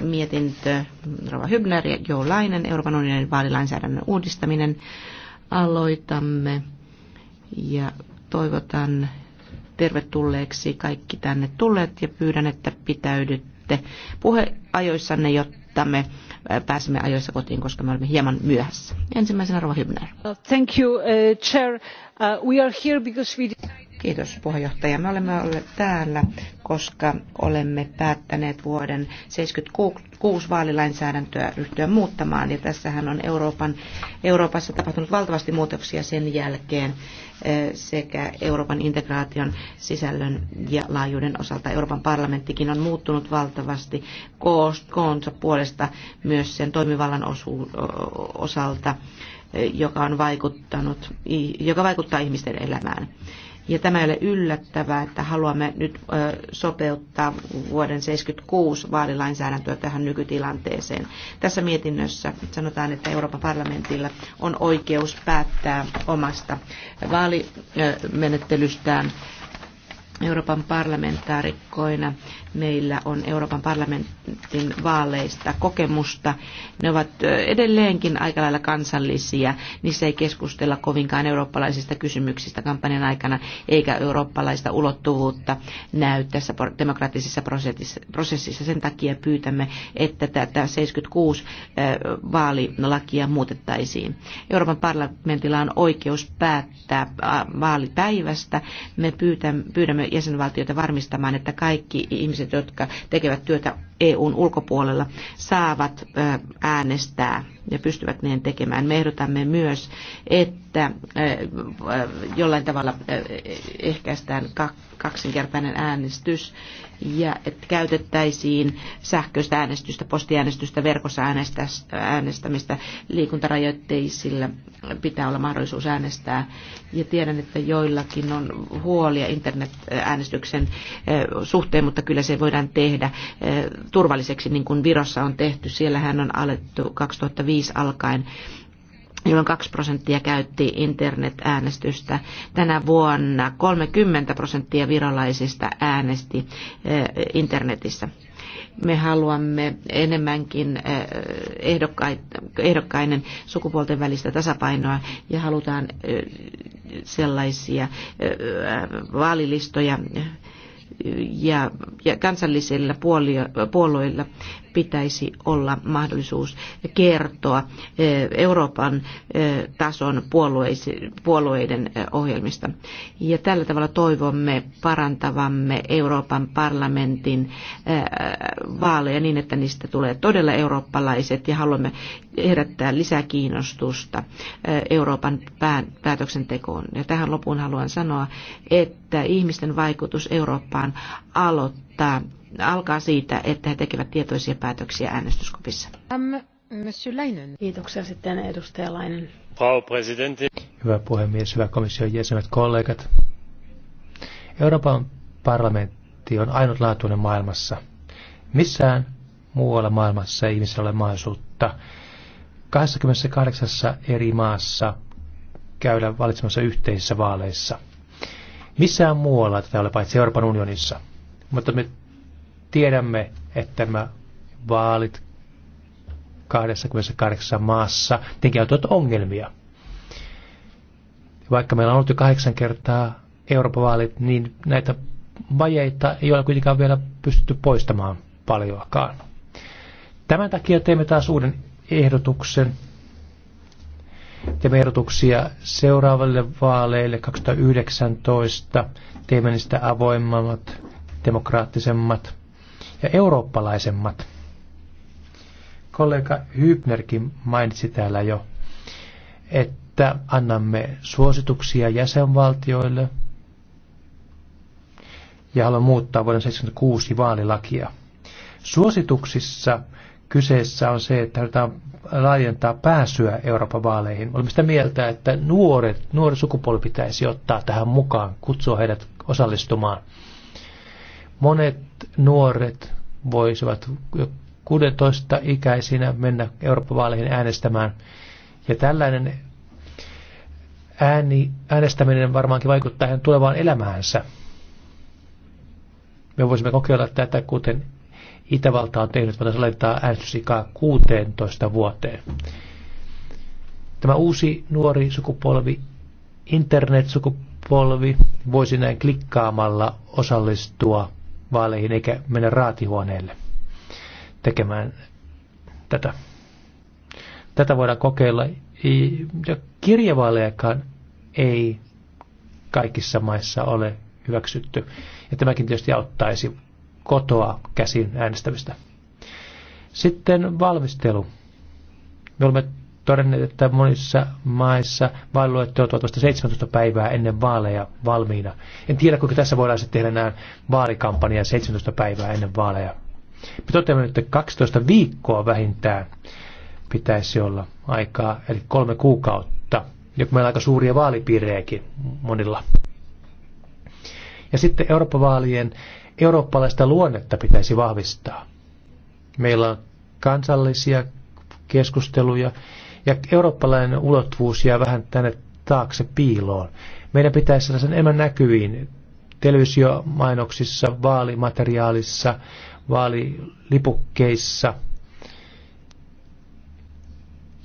mietintö Rova Hybner ja Joo Lainen, Euroopan unionin vaalilainsäädännön uudistaminen. Aloitamme ja toivotan tervetulleeksi kaikki tänne tulleet ja pyydän, että pitäydytte puheajoissanne, jotta me pääsemme ajoissa kotiin, koska me olemme hieman myöhässä. Ensimmäisenä Rova Hybner. Thank you, uh, Chair. Uh, we are here because we decided... Kiitos puheenjohtaja. Me olemme olleet täällä, koska olemme päättäneet vuoden 76 vaalilainsäädäntöä ryhtyä muuttamaan. Ja tässähän on Euroopan, Euroopassa tapahtunut valtavasti muutoksia sen jälkeen eh, sekä Euroopan integraation sisällön ja laajuuden osalta. Euroopan parlamenttikin on muuttunut valtavasti koonsa puolesta myös sen toimivallan osu- osalta, eh, joka, on vaikuttanut, joka vaikuttaa ihmisten elämään. Ja tämä ei ole yllättävää, että haluamme nyt sopeuttaa vuoden 1976 vaalilainsäädäntöä tähän nykytilanteeseen. Tässä mietinnössä sanotaan, että Euroopan parlamentilla on oikeus päättää omasta vaalimenettelystään Euroopan parlamentaarikkoina Meillä on Euroopan parlamentin vaaleista kokemusta. Ne ovat edelleenkin aika lailla kansallisia. Niissä ei keskustella kovinkaan eurooppalaisista kysymyksistä kampanjan aikana, eikä eurooppalaista ulottuvuutta näy tässä demokraattisessa prosessissa. Sen takia pyytämme, että tätä 76 vaalilakia muutettaisiin. Euroopan parlamentilla on oikeus päättää vaalipäivästä. Me pyydämme jäsenvaltioita varmistamaan, että kaikki ihmiset ihmiset, jotka tekevät työtä EUn ulkopuolella saavat äänestää ja pystyvät niin tekemään. Me ehdotamme myös, että jollain tavalla ehkäistään kaksinkertainen äänestys ja että käytettäisiin sähköistä äänestystä, postiäänestystä, verkossa äänestämistä. Liikuntarajoitteisilla pitää olla mahdollisuus äänestää. Ja tiedän, että joillakin on huolia internet-äänestyksen suhteen, mutta kyllä se voidaan tehdä turvalliseksi, niin kuin Virossa on tehty. Siellähän on alettu 2005 alkaen jolloin 2 prosenttia käytti internet-äänestystä. Tänä vuonna 30 prosenttia virolaisista äänesti eh, internetissä. Me haluamme enemmänkin eh, ehdokkainen sukupuolten välistä tasapainoa ja halutaan eh, sellaisia vaalilistoja, ja, ja kansallisilla puolueilla pitäisi olla mahdollisuus kertoa eh, Euroopan eh, tason puolueiden eh, ohjelmista. Ja tällä tavalla toivomme parantavamme Euroopan parlamentin vaaleja niin, että niistä tulee todella eurooppalaiset ja haluamme herättää lisää kiinnostusta Euroopan päätöksentekoon. Ja tähän lopuun haluan sanoa, että ihmisten vaikutus Eurooppaan aloittaa alkaa siitä, että he tekevät tietoisia päätöksiä äänestyskopissa. Kiitoksia sitten edustaja Lainen. Hyvä puhemies, hyvä komission jäsenet, kollegat. Euroopan parlamentti on ainutlaatuinen maailmassa. Missään muualla maailmassa ei ihmisillä ole mahdollisuutta 28 eri maassa käydä valitsemassa yhteisissä vaaleissa. Missään muualla tätä ei ole paitsi Euroopan unionissa. Mutta me Tiedämme, että nämä vaalit 28 maassa tekevät ongelmia. Vaikka meillä on ollut jo kahdeksan kertaa Euroopan vaalit, niin näitä vajeita ei ole kuitenkaan vielä pystytty poistamaan paljoakaan. Tämän takia teemme taas uuden ehdotuksen. Teemme ehdotuksia seuraaville vaaleille 2019. Teemme niistä avoimemmat, demokraattisemmat ja eurooppalaisemmat. Kollega Hybnerkin mainitsi täällä jo, että annamme suosituksia jäsenvaltioille ja haluamme muuttaa vuoden 1976 vaalilakia. Suosituksissa kyseessä on se, että halutaan laajentaa pääsyä Euroopan vaaleihin. Olemme sitä mieltä, että nuoret, nuori sukupolvi pitäisi ottaa tähän mukaan, kutsua heidät osallistumaan. Monet nuoret voisivat jo 16 ikäisinä mennä Euroopan vaaleihin äänestämään. Ja tällainen ääni, äänestäminen varmaankin vaikuttaa hänen tulevaan elämäänsä. Me voisimme kokeilla tätä, kuten Itävalta on tehnyt, voitaisiin laittaa äänestysikaa 16 vuoteen. Tämä uusi nuori sukupolvi, internet-sukupolvi, voisi näin klikkaamalla osallistua vaaleihin eikä mennä raatihuoneelle tekemään tätä. Tätä voidaan kokeilla. Ja kirjavaalejakaan ei kaikissa maissa ole hyväksytty. Ja tämäkin tietysti auttaisi kotoa käsin äänestämistä. Sitten valmistelu. Me olemme todenneet, että monissa maissa vaaliluettelot ovat vasta 17 päivää ennen vaaleja valmiina. En tiedä, kuinka tässä voidaan sitten tehdä nämä vaalikampanja 17 päivää ennen vaaleja. Me toteamme nyt, että 12 viikkoa vähintään pitäisi olla aikaa, eli kolme kuukautta, ja meillä on aika suuria vaalipiirejäkin monilla. Ja sitten Eurooppa-vaalien eurooppalaista luonnetta pitäisi vahvistaa. Meillä on kansallisia keskusteluja ja eurooppalainen ulottuvuus jää vähän tänne taakse piiloon. Meidän pitäisi saada sen enemmän näkyviin televisiomainoksissa, vaalimateriaalissa, vaalilipukkeissa.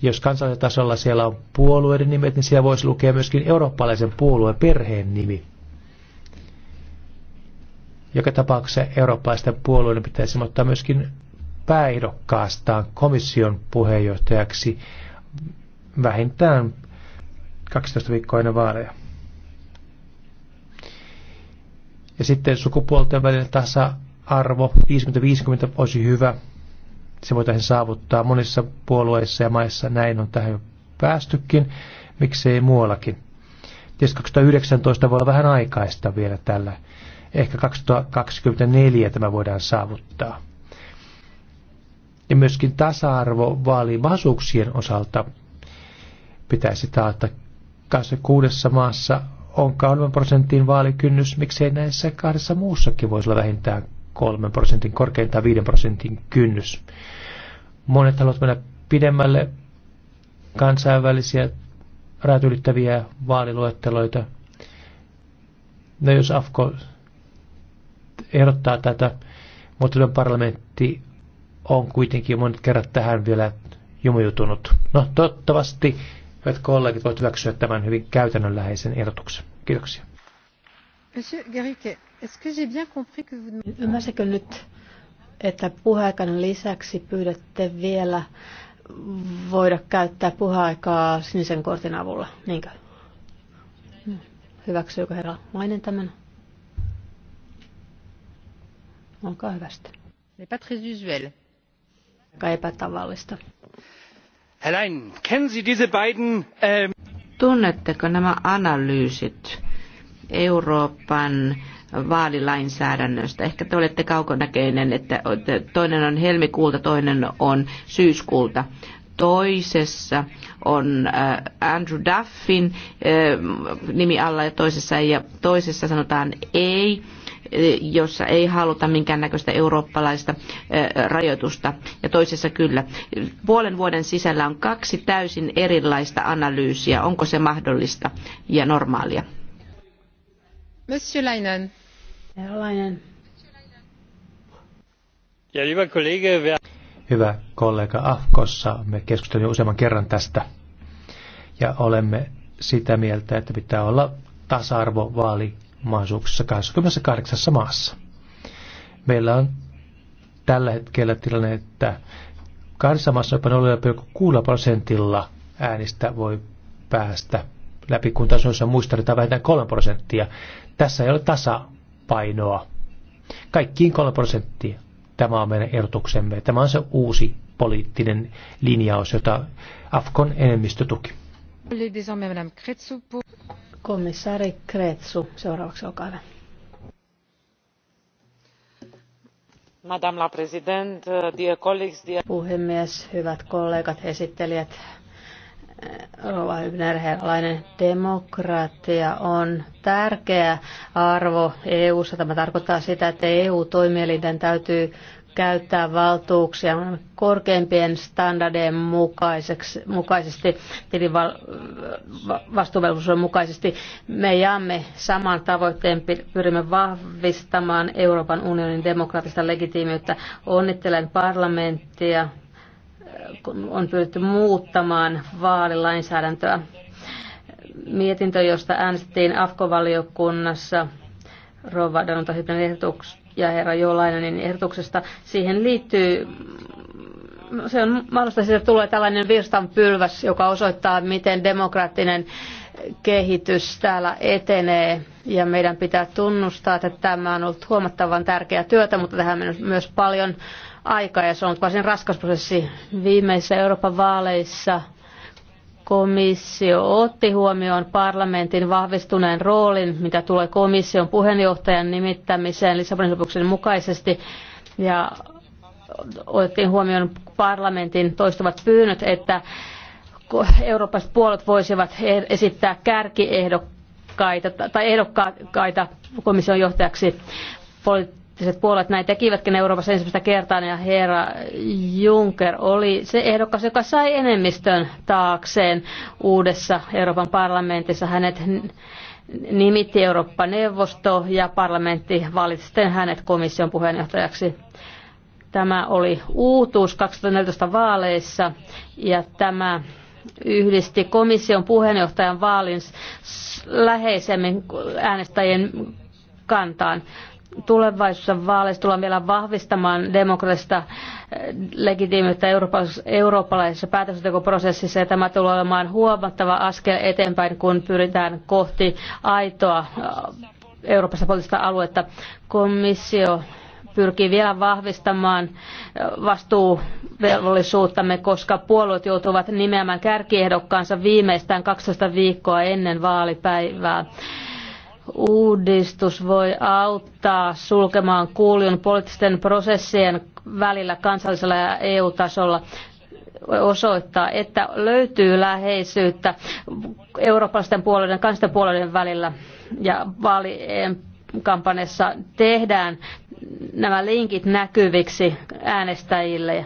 Jos kansallisella tasolla siellä on puolueiden nimet, niin siellä voisi lukea myöskin eurooppalaisen puolueen perheen nimi. Joka tapauksessa eurooppalaisten puolueiden pitäisi ottaa myöskin pääehdokkaastaan komission puheenjohtajaksi vähintään 12 viikkoa ennen vaaleja. Ja sitten sukupuolten välinen tasa-arvo 50-50 olisi hyvä. Se voitaisiin saavuttaa monissa puolueissa ja maissa. Näin on tähän jo päästykin. Miksei muuallakin. Tietysti 2019 voi olla vähän aikaista vielä tällä. Ehkä 2024 tämä voidaan saavuttaa ja myöskin tasa-arvo vaalimahdollisuuksien osalta pitäisi taata. 26 maassa on 3 prosentin vaalikynnys, miksei näissä kahdessa muussakin voisi olla vähintään 3 prosentin, korkeintaan 5 prosentin kynnys. Monet haluavat mennä pidemmälle kansainvälisiä rajat ylittäviä vaaliluetteloita. No jos AFKO ehdottaa tätä, mutta parlamentti on kuitenkin jo monet kerrat tähän vielä jumiutunut. No toivottavasti, hyvät kollegit, voit hyväksyä tämän hyvin käytännönläheisen ehdotuksen. Kiitoksia. Monsieur Garrique, est-ce que j'ai bien compris que vous... Ymmärsikö nyt, että puheaikan lisäksi pyydätte vielä voida käyttää puheaikaa sinisen kortin avulla, niinkö? Hyväksyykö herra Mainen tämän? Olkaa hyvästä. N'est pas très usuel aika epätavallista. Helein, kennen Sie diese beiden, ähm... Tunnetteko nämä analyysit Euroopan vaalilainsäädännöstä. Ehkä te olette kaukonäköinen, että toinen on helmikuulta, toinen on syyskuulta. Toisessa on äh, Andrew Duffin äh, nimi alla ja toisessa, ja toisessa sanotaan ei jossa ei haluta minkäännäköistä eurooppalaista rajoitusta ja toisessa kyllä. Puolen vuoden sisällä on kaksi täysin erilaista analyysiä. Onko se mahdollista ja normaalia? Monsieur Leinen. Leinen. Ja hyvä kollega, Hyvä kollega Afkossa, me keskustelimme useamman kerran tästä ja olemme sitä mieltä, että pitää olla tasa-arvovaali mahdollisuuksissa 28 maassa. Meillä on tällä hetkellä tilanne, että kahdessa maassa jopa 0,6 prosentilla äänistä voi päästä läpi, kun tasoissa muista tarvitaan vähintään 3 prosenttia. Tässä ei ole tasapainoa. Kaikkiin 3 prosenttia. Tämä on meidän erotuksemme. Tämä on se uusi poliittinen linjaus, jota Afkon enemmistö tuki. Komissaari Kretsu, seuraavaksi olkaa hyvä. Madame la President, dear colleagues, dear... Puhemies, hyvät kollegat, esittelijät, Rova Hybner-Herlainen, demokratia on tärkeä arvo EU-ssa. Tämä tarkoittaa sitä, että EU-toimielinten täytyy käyttää valtuuksia korkeimpien standardien mukaisesti, eli vastuuvelvollisuuden mukaisesti. Me jaamme saman tavoitteen, pyrimme vahvistamaan Euroopan unionin demokraattista legitiimiyttä. Onnittelen parlamenttia, kun on pyritty muuttamaan vaalilainsäädäntöä. Mietintö, josta äänestettiin AFKO-valiokunnassa, Rova Danuta Hypnen ehdotuksesta ja herra Jolainen ehdotuksesta. Siihen liittyy se on mahdollista, siitä tulee tällainen virstanpylväs, joka osoittaa, miten demokraattinen kehitys täällä etenee. Ja meidän pitää tunnustaa, että tämä on ollut huomattavan tärkeää työtä, mutta tähän on myös paljon aikaa ja se on ollut varsin raskas prosessi viimeisissä Euroopan vaaleissa – komissio otti huomioon parlamentin vahvistuneen roolin, mitä tulee komission puheenjohtajan nimittämiseen Lissabonin sopimuksen mukaisesti. Ja otettiin huomioon parlamentin toistuvat pyynnöt, että Euroopan puolet voisivat e- esittää kärkiehdokkaita tai ehdokkaita komission johtajaksi. Poli- poliittiset puolet näin tekivätkin Euroopassa ensimmäistä kertaa, ja herra Juncker oli se ehdokas, joka sai enemmistön taakseen uudessa Euroopan parlamentissa. Hänet nimitti Eurooppa-neuvosto ja parlamentti valitsi sitten hänet komission puheenjohtajaksi. Tämä oli uutuus 2014 vaaleissa ja tämä yhdisti komission puheenjohtajan vaalin läheisemmin äänestäjien kantaan tulevaisuudessa vaaleissa tullaan vielä vahvistamaan demokraattista eh, legitiimiyttä eurooppalaisessa päätöksentekoprosessissa ja tämä tulee olemaan huomattava askel eteenpäin, kun pyritään kohti aitoa eh, Euroopassa poliittista aluetta. Komissio pyrkii vielä vahvistamaan eh, vastuuvelvollisuuttamme, koska puolueet joutuvat nimeämään kärkiehdokkaansa viimeistään 12 viikkoa ennen vaalipäivää uudistus voi auttaa sulkemaan kuuljun poliittisten prosessien välillä kansallisella ja EU-tasolla osoittaa, että löytyy läheisyyttä eurooppalaisten puolueiden ja kansallisten puolueiden välillä ja vaalien kampanjassa tehdään nämä linkit näkyviksi äänestäjille.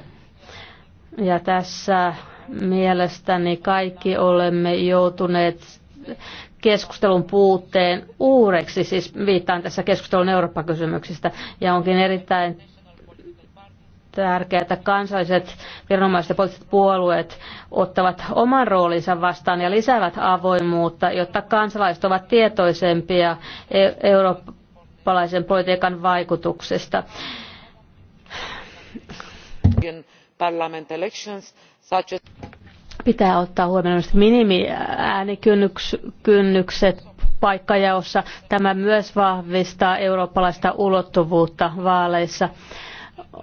Ja tässä mielestäni kaikki olemme joutuneet keskustelun puutteen uureksi, siis viittaan tässä keskustelun Eurooppa-kysymyksistä, ja onkin erittäin tärkeää, että kansalliset viranomaiset ja poliittiset puolueet ottavat oman roolinsa vastaan ja lisäävät avoimuutta, jotta kansalaiset ovat tietoisempia e- eurooppalaisen politiikan vaikutuksesta. Pitää ottaa huomioon minimiäänikynnykset paikkajaossa. Tämä myös vahvistaa eurooppalaista ulottuvuutta vaaleissa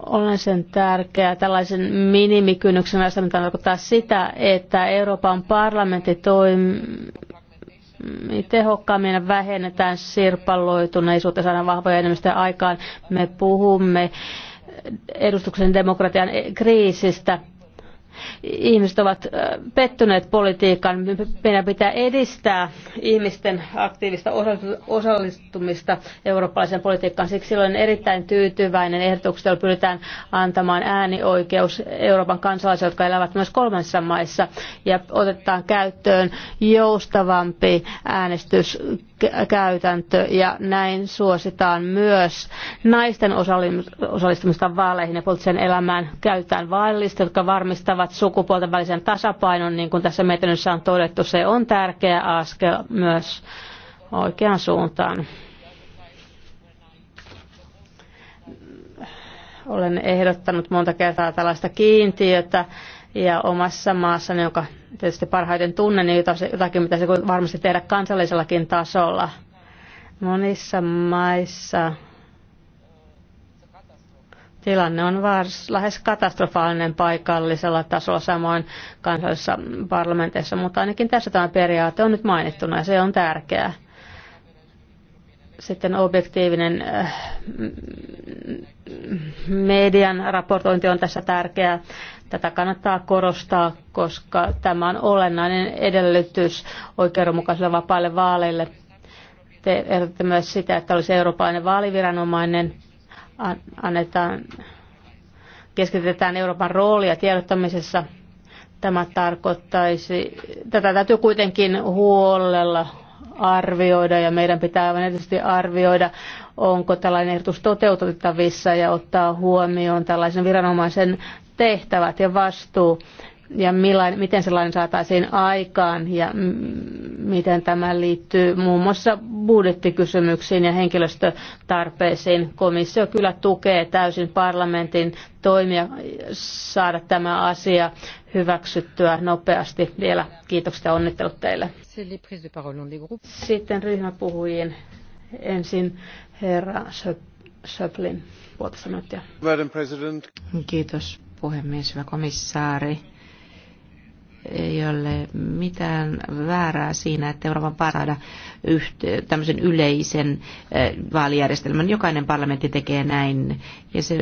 olen sen tärkeää. Tällaisen minimikynnyksen asettaminen tarkoittaa sitä, että Euroopan parlamentti toimii tehokkaammin ja vähennetään sirpaloituneisuutta, saadaan vahvoja enemmistöjä aikaan. Me puhumme edustuksen demokratian kriisistä ihmiset ovat pettyneet politiikkaan. Meidän pitää edistää ihmisten aktiivista osallistumista eurooppalaiseen politiikkaan. Siksi olen erittäin tyytyväinen ehdotuksesta, jolla pyritään antamaan äänioikeus Euroopan kansalaisille, jotka elävät myös kolmansissa maissa. Ja otetaan käyttöön joustavampi äänestys käytäntö ja näin suositaan myös naisten osallistumista vaaleihin ja poliittiseen elämään käytetään vaellista, jotka varmistavat sukupuolten välisen tasapainon, niin kuin tässä mietinnössä on todettu. Se on tärkeä askel myös oikeaan suuntaan. Olen ehdottanut monta kertaa tällaista kiintiötä ja omassa maassani, joka tietysti parhaiten tunne niin jotakin mitä se varmasti tehdä kansallisellakin tasolla. Monissa maissa tilanne on vars, lähes katastrofaalinen paikallisella tasolla, samoin kansallisissa parlamenteissa, mutta ainakin tässä tämä periaate on nyt mainittuna ja se on tärkeää. Sitten objektiivinen äh, median raportointi on tässä tärkeää. Tätä kannattaa korostaa, koska tämä on olennainen edellytys oikeudenmukaisille vapaille vaaleille. Te ehdotatte myös sitä, että olisi eurooppalainen vaaliviranomainen, annetaan, keskitetään Euroopan roolia tiedottamisessa. Tämä tarkoittaisi, tätä täytyy kuitenkin huolella arvioida ja meidän pitää aivan erityisesti arvioida, onko tällainen ehdotus toteutettavissa ja ottaa huomioon tällaisen viranomaisen tehtävät ja vastuu ja millain, miten sellainen saataisiin aikaan ja miten tämä liittyy muun muassa budjettikysymyksiin ja henkilöstötarpeisiin. Komissio kyllä tukee täysin parlamentin toimia saada tämä asia hyväksyttyä nopeasti vielä. Kiitokset ja onnittelut teille. Sitten ryhmäpuhujiin ensin herra Söplin. puolitoista Kiitos puhemies, hyvä komissaari ei ole mitään väärää siinä, että Euroopan parada tämmöisen yleisen eh, vaalijärjestelmän. Jokainen parlamentti tekee näin ja se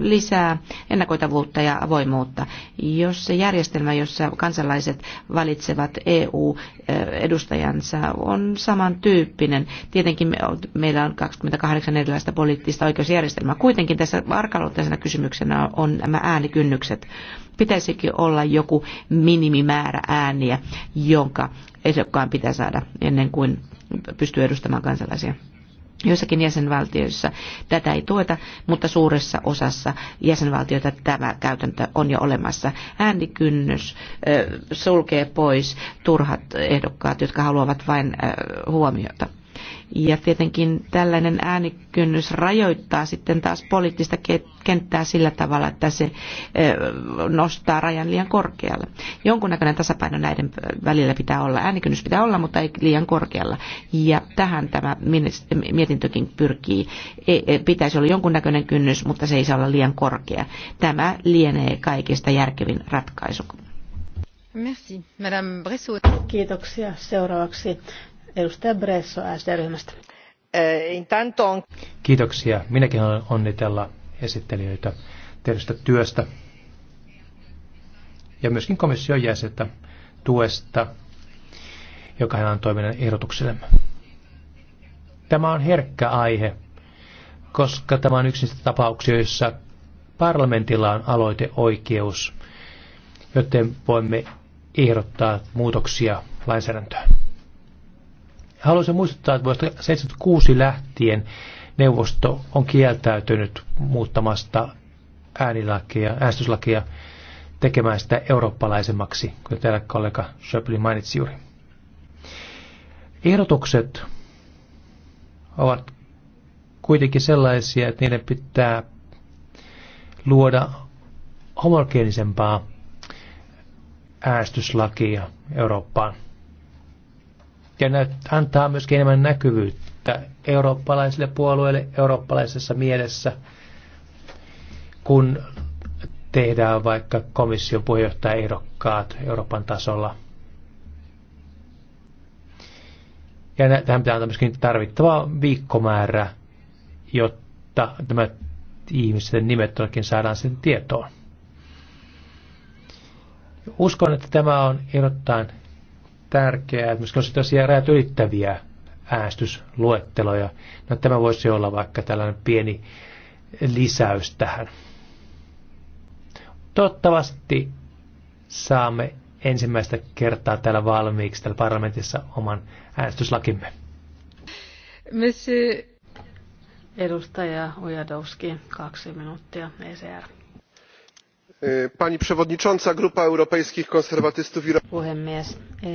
lisää ennakoitavuutta ja avoimuutta. Jos se järjestelmä, jossa kansalaiset valitsevat EU-edustajansa, eh, on samantyyppinen, tietenkin meillä on 28 erilaista poliittista oikeusjärjestelmää. Kuitenkin tässä arkaluonteisena kysymyksenä on nämä äänikynnykset pitäisikin olla joku minimimäärä ääniä, jonka ehdokkaan pitää saada ennen kuin pystyy edustamaan kansalaisia. Joissakin jäsenvaltioissa tätä ei tueta, mutta suuressa osassa jäsenvaltioita tämä käytäntö on jo olemassa. Äänikynnys sulkee pois turhat ehdokkaat, jotka haluavat vain huomiota. Ja tietenkin tällainen äänikynnys rajoittaa sitten taas poliittista kenttää sillä tavalla, että se nostaa rajan liian korkealle. Jonkunnäköinen tasapaino näiden välillä pitää olla. Äänikynnys pitää olla, mutta ei liian korkealla. Ja tähän tämä mietintökin pyrkii. E, e, pitäisi olla jonkunnäköinen kynnys, mutta se ei saa olla liian korkea. Tämä lienee kaikista järkevin ratkaisu. Merci. Madame Bressot. Kiitoksia. Seuraavaksi Edustaja Bresso SD-ryhmästä. Eh, Kiitoksia. Minäkin haluan onnitella esittelijöitä tehdystä työstä ja myöskin komission jäsentä tuesta, joka hän antoi meidän ehdotuksellemme. Tämä on herkkä aihe, koska tämä on yksi niistä tapauksia, joissa parlamentilla on aloiteoikeus, joten voimme ehdottaa muutoksia lainsäädäntöön. Haluaisin muistuttaa, että vuodesta 1976 lähtien neuvosto on kieltäytynyt muuttamasta äänilakia, äänestyslakia tekemään sitä eurooppalaisemmaksi, kuten täällä kollega Schöpli mainitsi juuri. Ehdotukset ovat kuitenkin sellaisia, että niiden pitää luoda homogeenisempaa äänestyslakia Eurooppaan ja antaa myöskin enemmän näkyvyyttä eurooppalaisille puolueille eurooppalaisessa mielessä, kun tehdään vaikka komission puheenjohtajaehdokkaat Euroopan tasolla. Ja tähän pitää antaa myöskin tarvittava viikkomäärä, jotta tämä ihmisten nimet todellakin saadaan sen tietoon. Uskon, että tämä on erottain tärkeää, että myöskin on sellaisia rajat ylittäviä äänestysluetteloja. No, tämä voisi olla vaikka tällainen pieni lisäys tähän. Toivottavasti saamme ensimmäistä kertaa täällä valmiiksi täällä parlamentissa oman äänestyslakimme. Monsieur Edustaja Ujadowski, kaksi minuuttia, ECR. E, pani przewodnicząca! grupa europejskich konserwatystów i puhemies e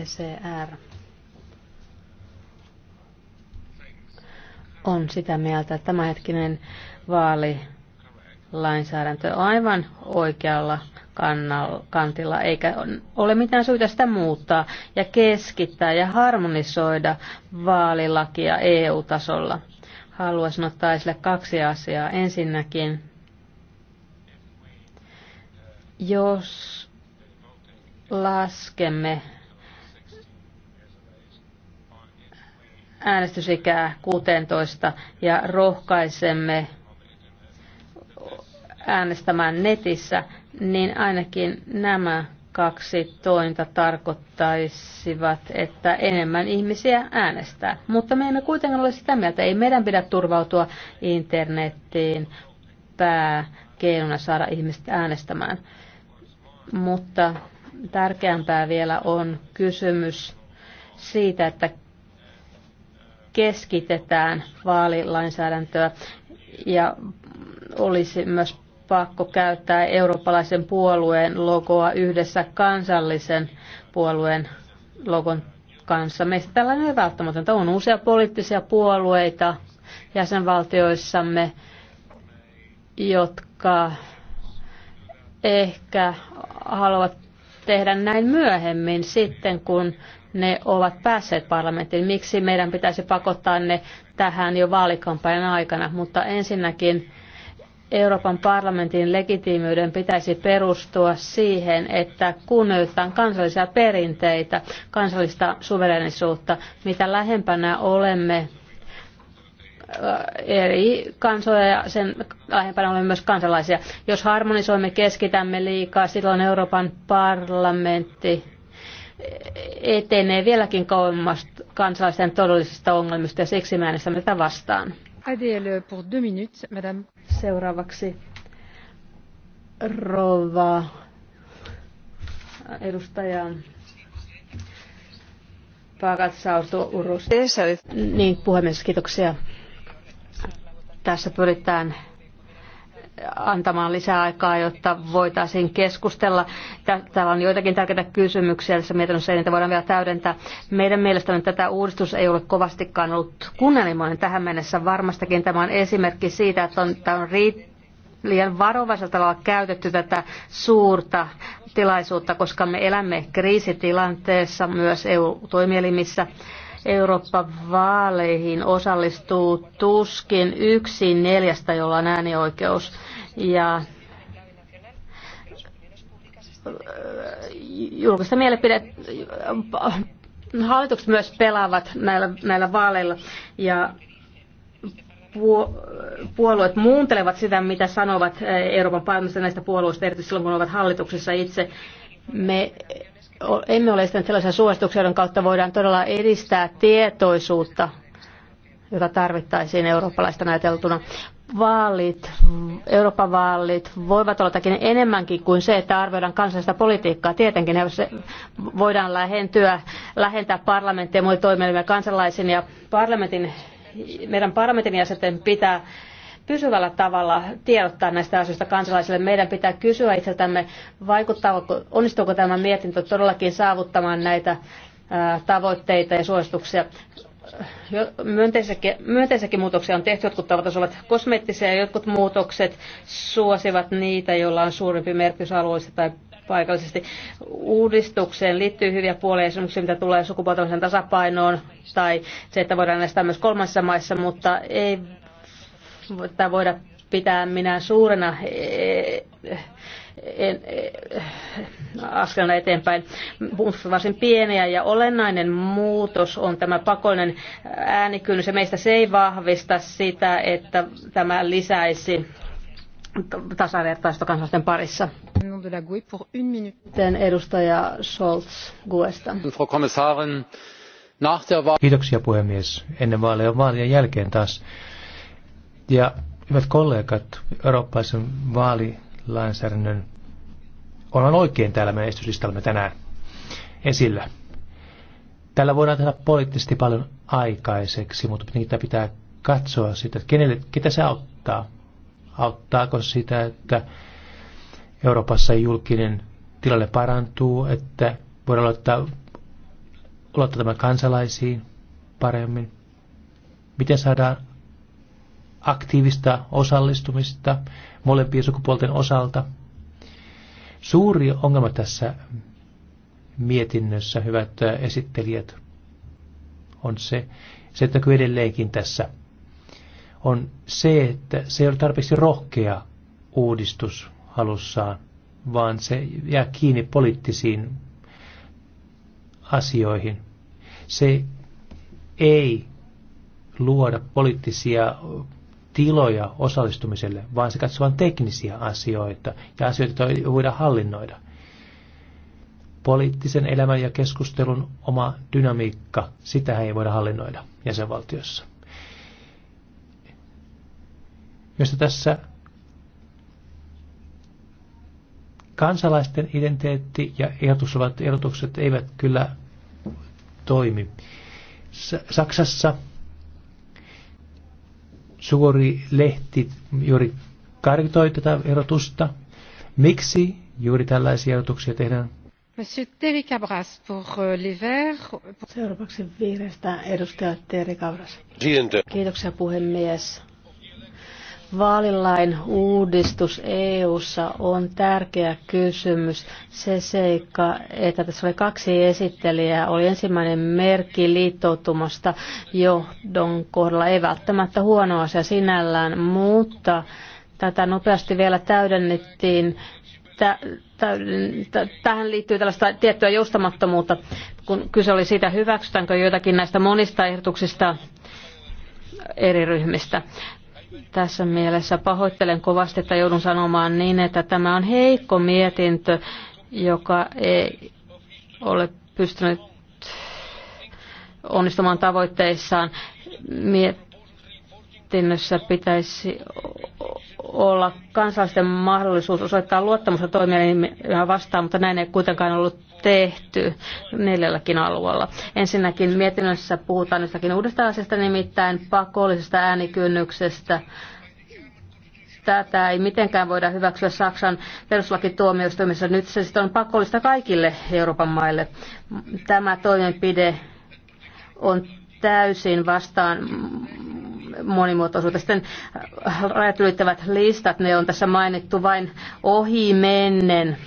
on sitä mieltä että tämänhetkinen vaalilainsäädäntö on aivan oikealla kannalla, kantilla eikä ole mitään syytä sitä muuttaa ja keskittää ja harmonisoida vaalilakia EU-tasolla. Haluaisin ottaa esille kaksi asiaa. Ensinnäkin jos laskemme äänestysikää 16 ja rohkaisemme äänestämään netissä, niin ainakin nämä kaksi tointa tarkoittaisivat, että enemmän ihmisiä äänestää. Mutta me emme kuitenkaan ole sitä mieltä, ei meidän pidä turvautua internettiin pääkeinona saada ihmiset äänestämään. Mutta tärkeämpää vielä on kysymys siitä, että keskitetään vaalilainsäädäntöä ja olisi myös pakko käyttää eurooppalaisen puolueen logoa yhdessä kansallisen puolueen logon kanssa. Meistä tällainen ei välttämätöntä. On uusia poliittisia puolueita jäsenvaltioissamme, jotka ehkä haluavat tehdä näin myöhemmin sitten, kun ne ovat päässeet parlamenttiin. Miksi meidän pitäisi pakottaa ne tähän jo vaalikampanjan aikana? Mutta ensinnäkin Euroopan parlamentin legitiimiyden pitäisi perustua siihen, että kunnioitetaan kansallisia perinteitä, kansallista suverenisuutta. Mitä lähempänä olemme eri kansoja ja sen aiempana olemme myös kansalaisia. Jos harmonisoimme, keskitämme liikaa, silloin Euroopan parlamentti etenee vieläkin kauemmas kansalaisten todellisista ongelmista ja siksi me äänestämme tätä vastaan. pour deux minutes, madame. Seuraavaksi rouva edustaja Paakat Sautu Urus. Niin, puhemies, kiitoksia. Tässä pyritään antamaan lisää aikaa, jotta voitaisiin keskustella. Täällä on joitakin tärkeitä kysymyksiä tässä mietinnössä, ja niitä voidaan vielä täydentää. Meidän mielestämme tätä uudistus ei ole kovastikaan ollut kunnianhimoinen tähän mennessä. Varmastakin tämä on esimerkki siitä, että on, tämä on riittävä liian varovaisella tavalla käytetty tätä suurta tilaisuutta, koska me elämme kriisitilanteessa myös EU-toimielimissä. Eurooppa-vaaleihin osallistuu tuskin yksi neljästä, jolla on äänioikeus. Ja äh, julkista mielipide hallitukset myös pelaavat näillä, näillä vaaleilla ja puolueet muuntelevat sitä, mitä sanovat äh, Euroopan parlamentissa näistä puolueista, erityisesti silloin kun ovat hallituksessa itse. Me emme ole esittäneet sellaisia suosituksia, joiden kautta voidaan todella edistää tietoisuutta, jota tarvittaisiin eurooppalaista ajateltuna. Vaalit, Euroopan vaalit voivat olla jotakin enemmänkin kuin se, että arvioidaan kansallista politiikkaa. Tietenkin jos voidaan lähentyä, lähentää parlamenttia ja muita toimielimiä kansalaisiin ja parlamentin, meidän parlamentin jäsenten pitää pysyvällä tavalla tiedottaa näistä asioista kansalaisille. Meidän pitää kysyä itseltämme, vaikuttaako, onnistuuko tämä mietintö todellakin saavuttamaan näitä tavoitteita ja suosituksia. Myönteisiäkin, myönteisiäkin muutoksia on tehty, jotkut tavat ovat kosmeettisia ja jotkut muutokset suosivat niitä, joilla on suurempi merkitys alueellisesti tai paikallisesti. Uudistukseen liittyy hyviä puolia esimerkiksi mitä tulee sukupuolten tasapainoon tai se, että voidaan näistä myös kolmansissa maissa, mutta ei sitä voida pitää minä suurena e, e, e, askelena eteenpäin, varsin pieniä ja olennainen muutos on tämä pakollinen äänikynnys ja meistä se ei vahvista sitä, että tämä lisäisi tasavertaista kansalaisten parissa. Sitten edustaja Scholz Guesta. Kiitoksia puhemies. Ennen vaaleja vaalien jälkeen taas ja hyvät kollegat, eurooppalaisen vaalilainsäädännön on oikein täällä meidän esityslistallamme tänään esillä. Tällä voidaan tehdä poliittisesti paljon aikaiseksi, mutta niitä pitää katsoa sitä, että kenelle, ketä se auttaa. Auttaako sitä, että Euroopassa julkinen tilanne parantuu, että voidaan aloittaa, aloittaa tämän kansalaisiin paremmin. Miten saadaan aktiivista osallistumista molempien sukupuolten osalta. Suuri ongelma tässä mietinnössä, hyvät esittelijät, on se, se että kyllä edelleenkin tässä on se, että se ei ole tarpeeksi rohkea uudistus halussaan, vaan se jää kiinni poliittisiin asioihin. Se ei luoda poliittisia tiloja osallistumiselle, vaan se katsoo vain teknisiä asioita ja asioita, joita voidaan hallinnoida. Poliittisen elämän ja keskustelun oma dynamiikka, sitä ei voida hallinnoida jäsenvaltiossa. Josta tässä kansalaisten identiteetti ja ehdotukset eivät kyllä toimi. Saksassa suuri lehti juuri karkitoi tätä erotusta. Miksi juuri tällaisia erotuksia tehdään? Monsieur Terry Cabras pour euh, les Verts. Seuraavaksi vihreästä edustaja Terry Cabras. Kiitoksia puhemies. Vaalilain uudistus EU:ssa on tärkeä kysymys. Se seikka, että tässä oli kaksi esittelijää, oli ensimmäinen merkki liittoutumasta johdon kohdalla. Ei välttämättä huono asia sinällään, mutta tätä nopeasti vielä täydennettiin tähän liittyy tällaista tiettyä joustamattomuutta, kun kyse oli siitä, hyväksytäänkö joitakin näistä monista ehdotuksista eri ryhmistä. Tässä mielessä pahoittelen kovasti, että joudun sanomaan niin, että tämä on heikko mietintö, joka ei ole pystynyt onnistumaan tavoitteissaan. Miet- mietinnössä pitäisi olla kansalaisten mahdollisuus osoittaa luottamusta toimia vastaan, mutta näin ei kuitenkaan ollut tehty neljälläkin alueella. Ensinnäkin mietinnössä puhutaan jostakin uudesta asiasta, nimittäin pakollisesta äänikynnyksestä. Tätä ei mitenkään voida hyväksyä Saksan perustuslakituomioistuimessa. Nyt se on pakollista kaikille Euroopan maille. Tämä toimenpide on täysin vastaan monimuotoisuutta. Sitten äh, rajat ylittävät listat, ne on tässä mainittu vain ohi mennen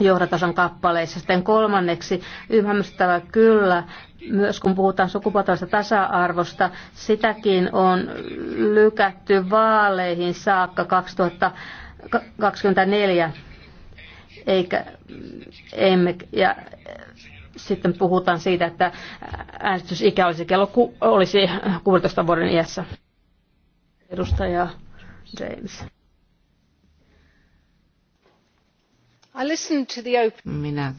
johdatason kappaleissa. Sitten kolmanneksi, ymmärrystävä kyllä, myös kun puhutaan sukupuolista tasa-arvosta, sitäkin on lykätty vaaleihin saakka 2024, eikä, emme, ja sitten puhutaan siitä, että äänestysikä olisi, kello ku, olisi 16 vuoden iässä. Edustaja James. I listened to the open... Minä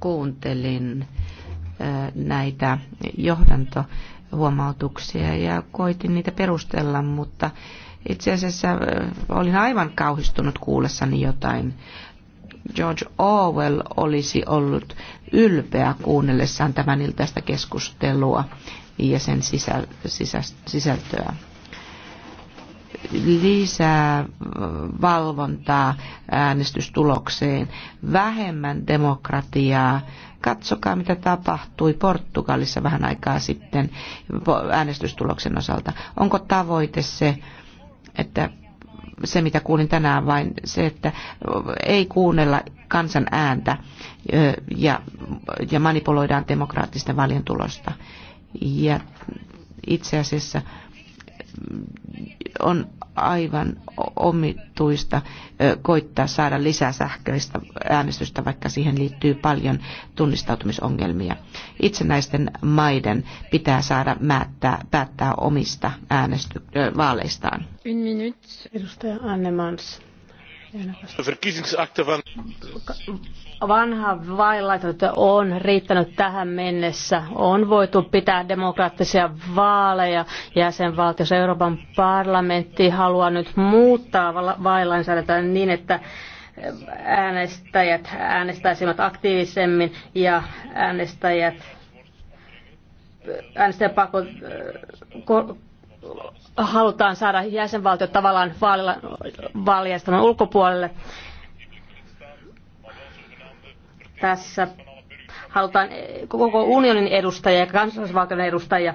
kuuntelin äh, näitä johdantohuomautuksia ja koitin niitä perustella, mutta itse asiassa äh, olin aivan kauhistunut kuullessani jotain George Orwell olisi ollut ylpeä kuunnellessaan tämän iltaista keskustelua ja sen sisä, sisä, sisältöä. Lisää valvontaa äänestystulokseen, vähemmän demokratiaa. Katsokaa, mitä tapahtui Portugalissa vähän aikaa sitten äänestystuloksen osalta. Onko tavoite se, että se, mitä kuulin tänään, vain se, että ei kuunnella kansan ääntä ja, ja manipuloidaan demokraattisten valintulosta. Ja itse asiassa on aivan omituista koittaa saada lisää sähköistä äänestystä, vaikka siihen liittyy paljon tunnistautumisongelmia. Itsenäisten maiden pitää saada määttää, päättää omista äänesty- vaaleistaan. Yksi minuutti. Edustaja Anne Mans. Vanha vaillaitonta on riittänyt tähän mennessä. On voitu pitää demokraattisia vaaleja. Jäsenvaltiossa Euroopan parlamentti haluaa nyt muuttaa vaillainsäädäntöä niin, että äänestäjät äänestäisivät aktiivisemmin ja äänestäjät äänestäjäpako äh, halutaan saada jäsenvaltiot tavallaan vaalijärjestelmän ulkopuolelle. Tässä halutaan koko unionin edustajia ja kansallisvaltion edustajia.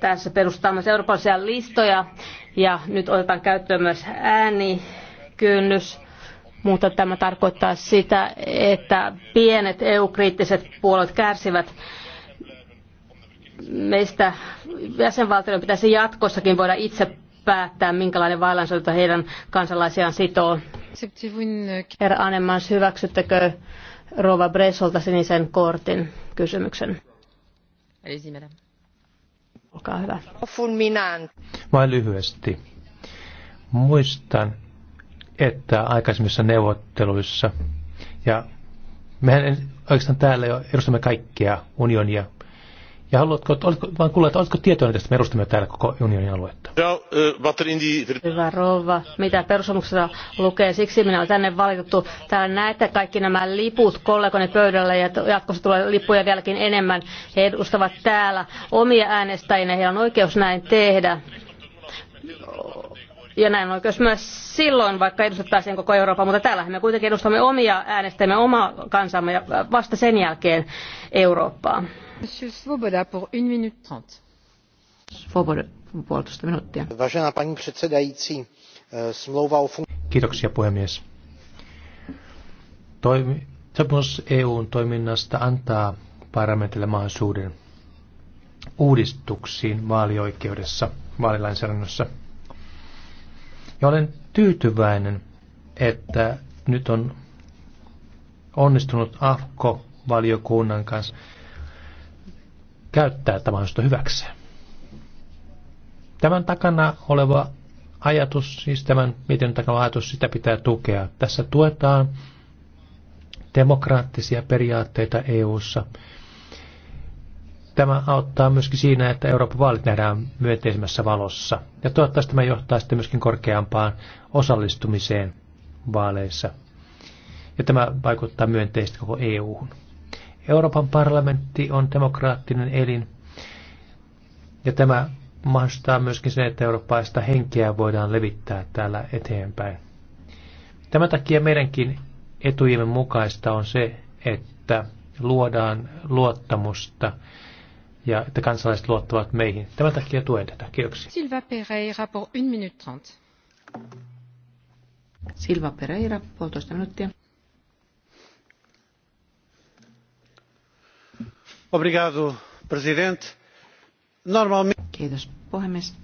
Tässä perustetaan myös eurooppalaisia listoja ja nyt otetaan käyttöön myös äänikynnys. Mutta tämä tarkoittaa sitä, että pienet EU-kriittiset puolet kärsivät meistä jäsenvaltioiden pitäisi jatkossakin voida itse päättää, minkälainen vaellansuunta heidän kansalaisiaan sitoo. Herra Anemans, hyväksyttekö Rova Bresolta sinisen kortin kysymyksen? Siis, Olkaa hyvä. Vain lyhyesti. Muistan, että aikaisemmissa neuvotteluissa, ja mehän oikeastaan täällä jo edustamme kaikkia unionia ja haluatko, oletko, vaan kuulla, että oletko tietoinen tästä merustamme täällä koko unionin aluetta? Hyvä rouva. Mitä perussomuksessa lukee? Siksi minä olen tänne valitettu. Täällä näette kaikki nämä liput kollegoni pöydällä ja jatkossa tulee lippuja vieläkin enemmän. He edustavat täällä omia äänestäjiä. Heillä on oikeus näin tehdä ja näin on oikeus myös silloin, vaikka edustettaisiin koko Eurooppaa, mutta täällähän me kuitenkin edustamme omia äänestämme omaa kansamme ja vasta sen jälkeen Eurooppaa paní předsedající eh, smlouva o Kiitoksia sopimus EUn toiminnasta antaa parlamentille mahdollisuuden uudistuksiin vaalioikeudessa, vaalilainsäädännössä. Ja olen tyytyväinen, että nyt on onnistunut AFKO-valiokunnan kanssa käyttää mahdollisuutta hyväkseen. Tämän takana oleva ajatus, siis tämän mietinnön takana ajatus, sitä pitää tukea. Tässä tuetaan demokraattisia periaatteita EU:ssa. Tämä auttaa myöskin siinä, että Euroopan vaalit nähdään myönteisemmässä valossa. Ja toivottavasti tämä johtaa sitten myöskin korkeampaan osallistumiseen vaaleissa. Ja tämä vaikuttaa myönteisesti koko EU-hun. Euroopan parlamentti on demokraattinen elin ja tämä mahdollistaa myöskin sen, että eurooppaista henkeä voidaan levittää täällä eteenpäin. Tämän takia meidänkin etujemme mukaista on se, että luodaan luottamusta ja että kansalaiset luottavat meihin. Tämän takia tuen tätä. Kiitoksia. Silva Pereira, pour 1 minute 30. Silva Pereira, puolitoista minuuttia. Obrigado, Kiitos, puhemies.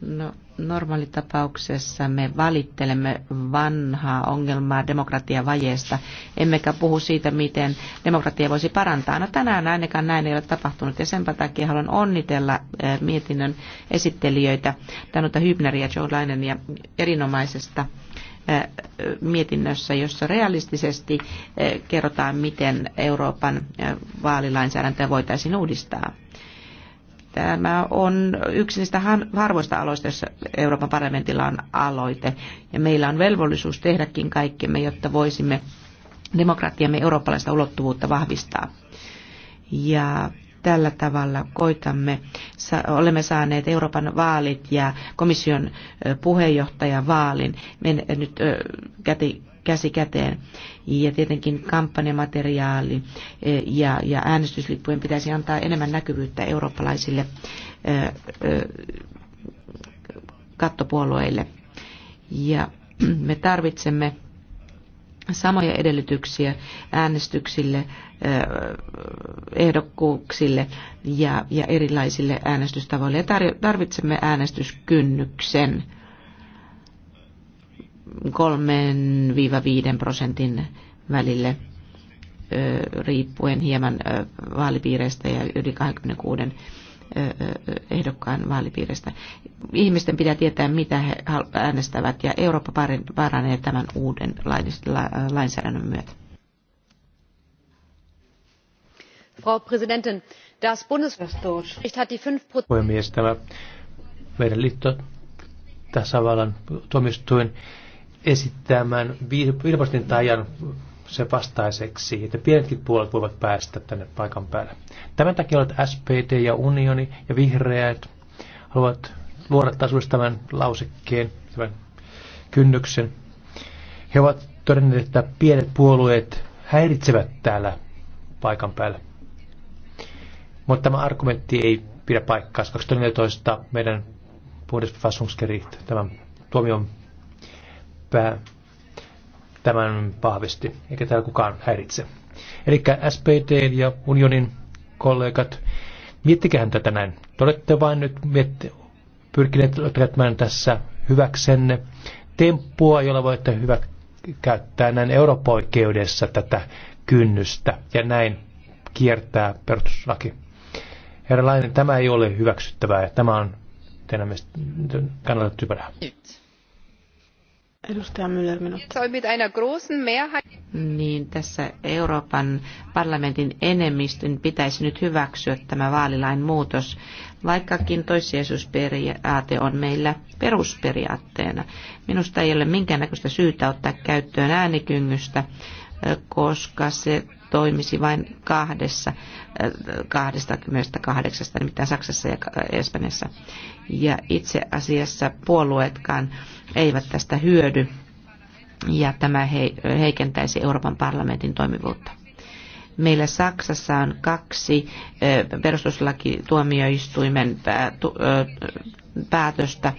No, normaalitapauksessa me valittelemme vanhaa ongelmaa demokratiavajeesta, emmekä puhu siitä, miten demokratia voisi parantaa. No tänään ainakaan näin ei ole tapahtunut ja sen takia haluan onnitella eh, mietinnön esittelijöitä Danuta ja Joe ja erinomaisesta mietinnössä, jossa realistisesti kerrotaan, miten Euroopan vaalilainsäädäntöä voitaisiin uudistaa. Tämä on yksi niistä harvoista aloista, joissa Euroopan parlamentilla on aloite. Ja meillä on velvollisuus tehdäkin kaikkemme, jotta voisimme demokratiamme eurooppalaista ulottuvuutta vahvistaa. Ja Tällä tavalla koitamme, olemme saaneet Euroopan vaalit ja komission puheenjohtajan vaalin nyt käti, käsi käteen. Ja tietenkin kampanjamateriaali ja, ja äänestyslippujen pitäisi antaa enemmän näkyvyyttä eurooppalaisille kattopuolueille. Ja me tarvitsemme samoja edellytyksiä äänestyksille, ehdokkuuksille ja, ja erilaisille äänestystavoille. Ja tarvitsemme äänestyskynnyksen 3-5 prosentin välille riippuen hieman vaalipiireistä ja yli 26 ehdokkaan vaalipiiristä. Ihmisten pitää tietää, mitä he äänestävät, ja Eurooppa paranee tämän uuden lainsäädännön myötä. Frau Präsidentin, das Bundesverfassungsgericht hat die 5 Puhemies, tämä meidän liitto tasavallan tuomistuin esittämään 5 prosentin ajan se vastaiseksi, että pienetkin puolet voivat päästä tänne paikan päälle. Tämän takia olet SPD ja Unioni ja Vihreät haluavat luoda taas tämän lausekkeen, tämän kynnyksen. He ovat todenneet, että pienet puolueet häiritsevät täällä paikan päällä. Mutta tämä argumentti ei pidä paikkaansa. 2014 meidän Bundesverfassungsgericht tämän tuomion pää, tämän pahvisti, eikä täällä kukaan häiritse. Eli SPT ja unionin kollegat, miettikähän tätä näin. Te olette vain nyt mietti, pyrkineet löytämään tässä hyväksenne temppua, jolla voitte hyvä käyttää näin eurooppa tätä kynnystä ja näin kiertää perustuslaki. Herra Lainen, tämä ei ole hyväksyttävää ja tämä on teidän kannalta typerää. Edustaja Müller, minuutti. Niin, tässä Euroopan parlamentin enemmistön pitäisi nyt hyväksyä tämä vaalilain muutos, vaikkakin toissijaisuusperiaate on meillä perusperiaatteena. Minusta ei ole minkäännäköistä syytä ottaa käyttöön äänikyngystä, koska se toimisi vain kahdessa, 28, äh, nimittäin Saksassa ja äh, Espanjassa. Ja itse asiassa puolueetkaan eivät tästä hyödy, ja tämä heikentäisi Euroopan parlamentin toimivuutta. Meillä Saksassa on kaksi äh, perustuslakituomioistuimen päätöstä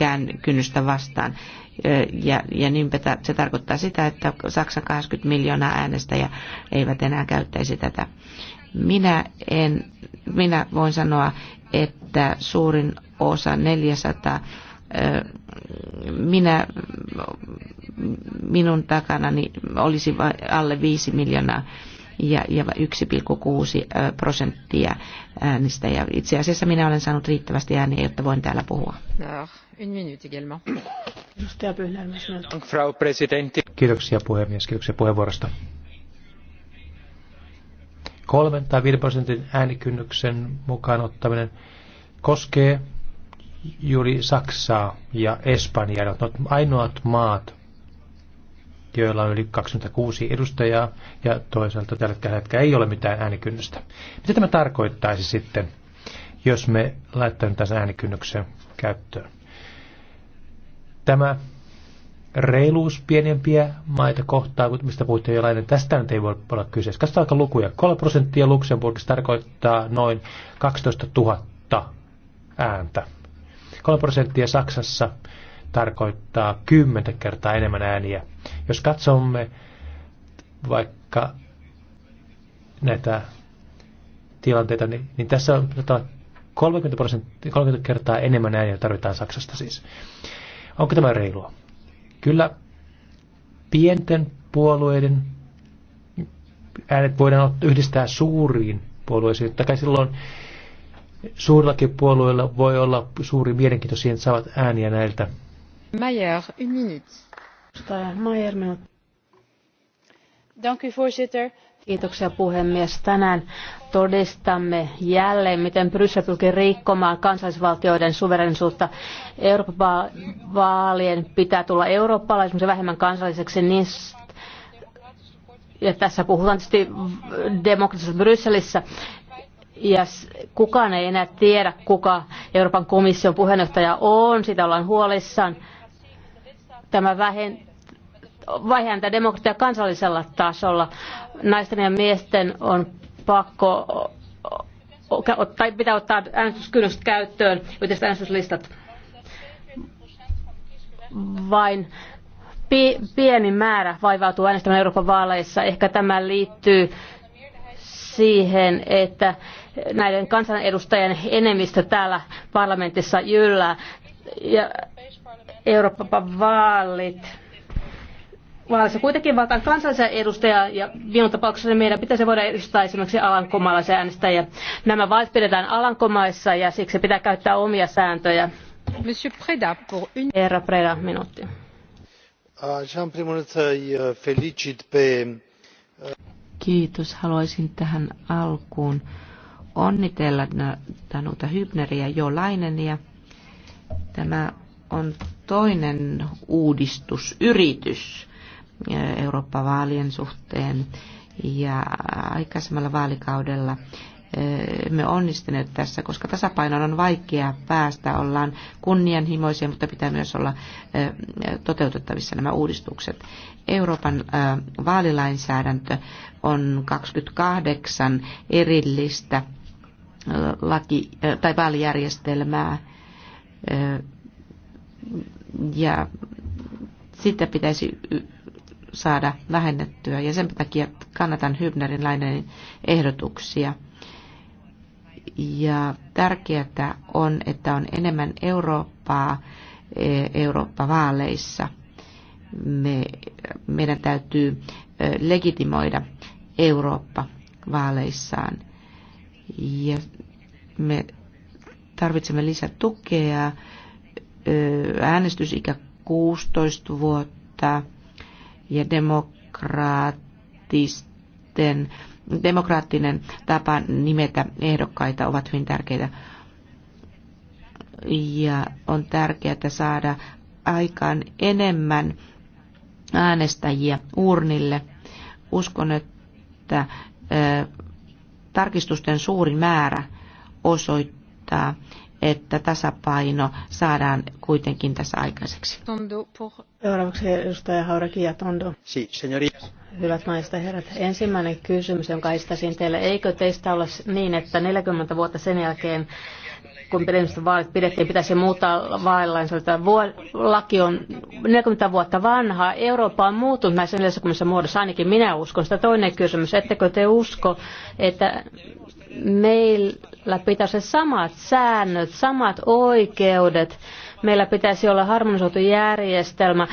äänikynnystä vastaan. Ja, ja niinpä se tarkoittaa sitä, että Saksan 80 miljoonaa äänestäjä eivät enää käyttäisi tätä. Minä, en, minä voin sanoa, että suurin osa 400 minä, minun takana olisi alle 5 miljoonaa ja, ja 1,6 prosenttia äänistä. Ja itse asiassa minä olen saanut riittävästi ääniä, jotta voin täällä puhua. Kiitoksia puhemies, kiitoksia puheenvuorosta. Kolmen tai viiden prosentin äänikynnyksen mukaan ottaminen koskee juuri Saksaa ja Espanjaa, ne ovat ainoat maat joilla on yli 26 edustajaa, ja toisaalta tällä hetkellä ei ole mitään äänikynnystä. Mitä tämä tarkoittaisi sitten, jos me laittaisimme tämän äänikynnyksen käyttöön? Tämä reiluus pienempiä maita kohtaa, mistä puhuttiin jo lainen, tästä nyt ei voi olla kyse. Katsotaan lukuja. 3 prosenttia Luxemburgissa tarkoittaa noin 12 000 ääntä. 3 prosenttia Saksassa tarkoittaa 10 kertaa enemmän ääniä jos katsomme vaikka näitä tilanteita, niin, niin tässä on 30, 30 kertaa enemmän ääniä tarvitaan Saksasta siis. Onko tämä reilua? Kyllä pienten puolueiden äänet voidaan yhdistää suuriin puolueisiin. Totta kai silloin suurillakin puolueilla voi olla suuri mielenkiinto siihen, että saavat ääniä näiltä. Mayer, yksi minuutti. Kiitoksia puhemies. Tänään todistamme jälleen, miten Bryssel pyrkii rikkomaan kansallisvaltioiden suverenisuutta. Euroopan vaalien pitää tulla eurooppalaisemmiksi vähemmän kansalliseksi. Niin ja tässä puhutaan tietysti demokratiassa Brysselissä. Ja kukaan ei enää tiedä, kuka Euroopan komission puheenjohtaja on. Siitä ollaan huolissaan. Tämä vähentää vähentää demokratiaa kansallisella tasolla. Naisten ja miesten on pakko tai pitää ottaa äänestyskynnykset käyttöön, yhteiset äänestyslistat. Vain pieni määrä vaivautuu äänestämään Euroopan vaaleissa. Ehkä tämä liittyy siihen, että näiden kansanedustajien enemmistö täällä parlamentissa jyllää. Ja Euroopan vaalit vaaleissa kuitenkin valitaan kansallisia edustajia ja minun tapauksessani meidän pitäisi voida edustaa esimerkiksi alankomaalaisia äänestäjiä. Nämä vaalit pidetään alankomaissa ja siksi pitää käyttää omia sääntöjä. Monsieur Preda, pour une... Herra Preda, minuutti. Uh, uh, uh, Kiitos. Haluaisin tähän alkuun onnitella Danuta Hybneriä Jolainenia. Tämä on toinen uudistusyritys Eurooppa-vaalien suhteen. Ja aikaisemmalla vaalikaudella eh, me onnistuneet tässä, koska tasapainoon on vaikea päästä. Ollaan kunnianhimoisia, mutta pitää myös olla eh, toteutettavissa nämä uudistukset. Euroopan eh, vaalilainsäädäntö on 28 erillistä laki- tai vaalijärjestelmää ja sitä pitäisi saada vähennettyä ja sen takia kannatan Hybnerin lainen ehdotuksia. Ja tärkeää on, että on enemmän Eurooppaa e, Eurooppa-vaaleissa. Me, meidän täytyy e, legitimoida Eurooppa vaaleissaan. Ja me tarvitsemme lisätukea, e, äänestysikä 16 vuotta, ja demokraattisten, demokraattinen tapa nimetä ehdokkaita ovat hyvin tärkeitä. Ja on tärkeää saada aikaan enemmän äänestäjiä urnille. Uskon, että tarkistusten suuri määrä osoittaa, että tasapaino saadaan kuitenkin tässä aikaiseksi. Seuraavaksi edustaja Hauraki ja Tondo. Hyvät naiset ja herrat, ensimmäinen kysymys, jonka esittäisin teille. Eikö teistä ole niin, että 40 vuotta sen jälkeen kun pidemmistä vaalit pidettiin, pitäisi muuttaa vaalilainsäädäntöä. Laki on 40 vuotta vanha. Eurooppa on muuttunut näissä 40 muodossa, ainakin minä uskon. Sitä toinen kysymys, ettekö te usko, että meillä pitäisi olla samat säännöt, samat oikeudet. Meillä pitäisi olla harmonisoitu järjestelmä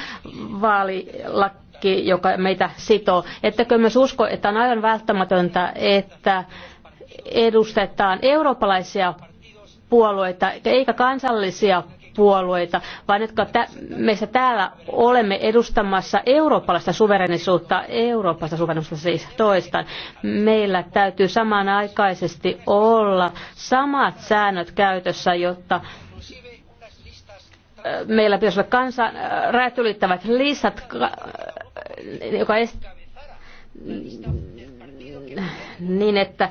vaalilakki, joka meitä sitoo. Ettäkö myös usko, että on aivan välttämätöntä, että edustetaan eurooppalaisia puolueita eikä kansallisia puolueita, vaan jotka tä- meissä täällä olemme edustamassa eurooppalaista suverenisuutta, eurooppalaista suverenisuutta siis toistan. Meillä täytyy samanaikaisesti olla samat säännöt käytössä, jotta meillä pitäisi olla kansan rajat ylittävät listat, joka est- niin että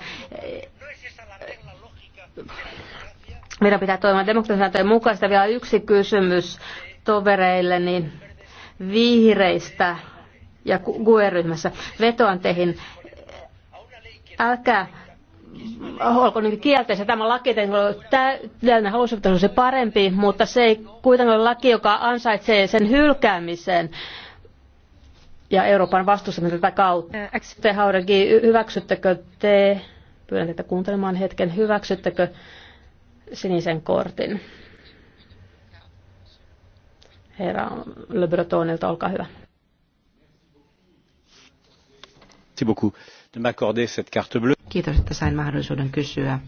meidän pitää toimia demokratian mukaista. Vielä yksi kysymys tovereille, niin vihreistä ja GUE-ryhmässä. Vetoan teihin, älkää olko niin kielteistä. Tämä laki ole täynnä halusin, että se parempi, mutta se ei kuitenkaan ole laki, joka ansaitsee sen hylkäämisen ja Euroopan vastustamisen tätä kautta. Te Hauregi, hyväksyttekö te, pyydän teitä kuuntelemaan hetken, hyväksyttekö sinisen kortin. Herra Le Bretonilta, olkaa hyvä. Kiitos, että sain mahdollisuuden kysyä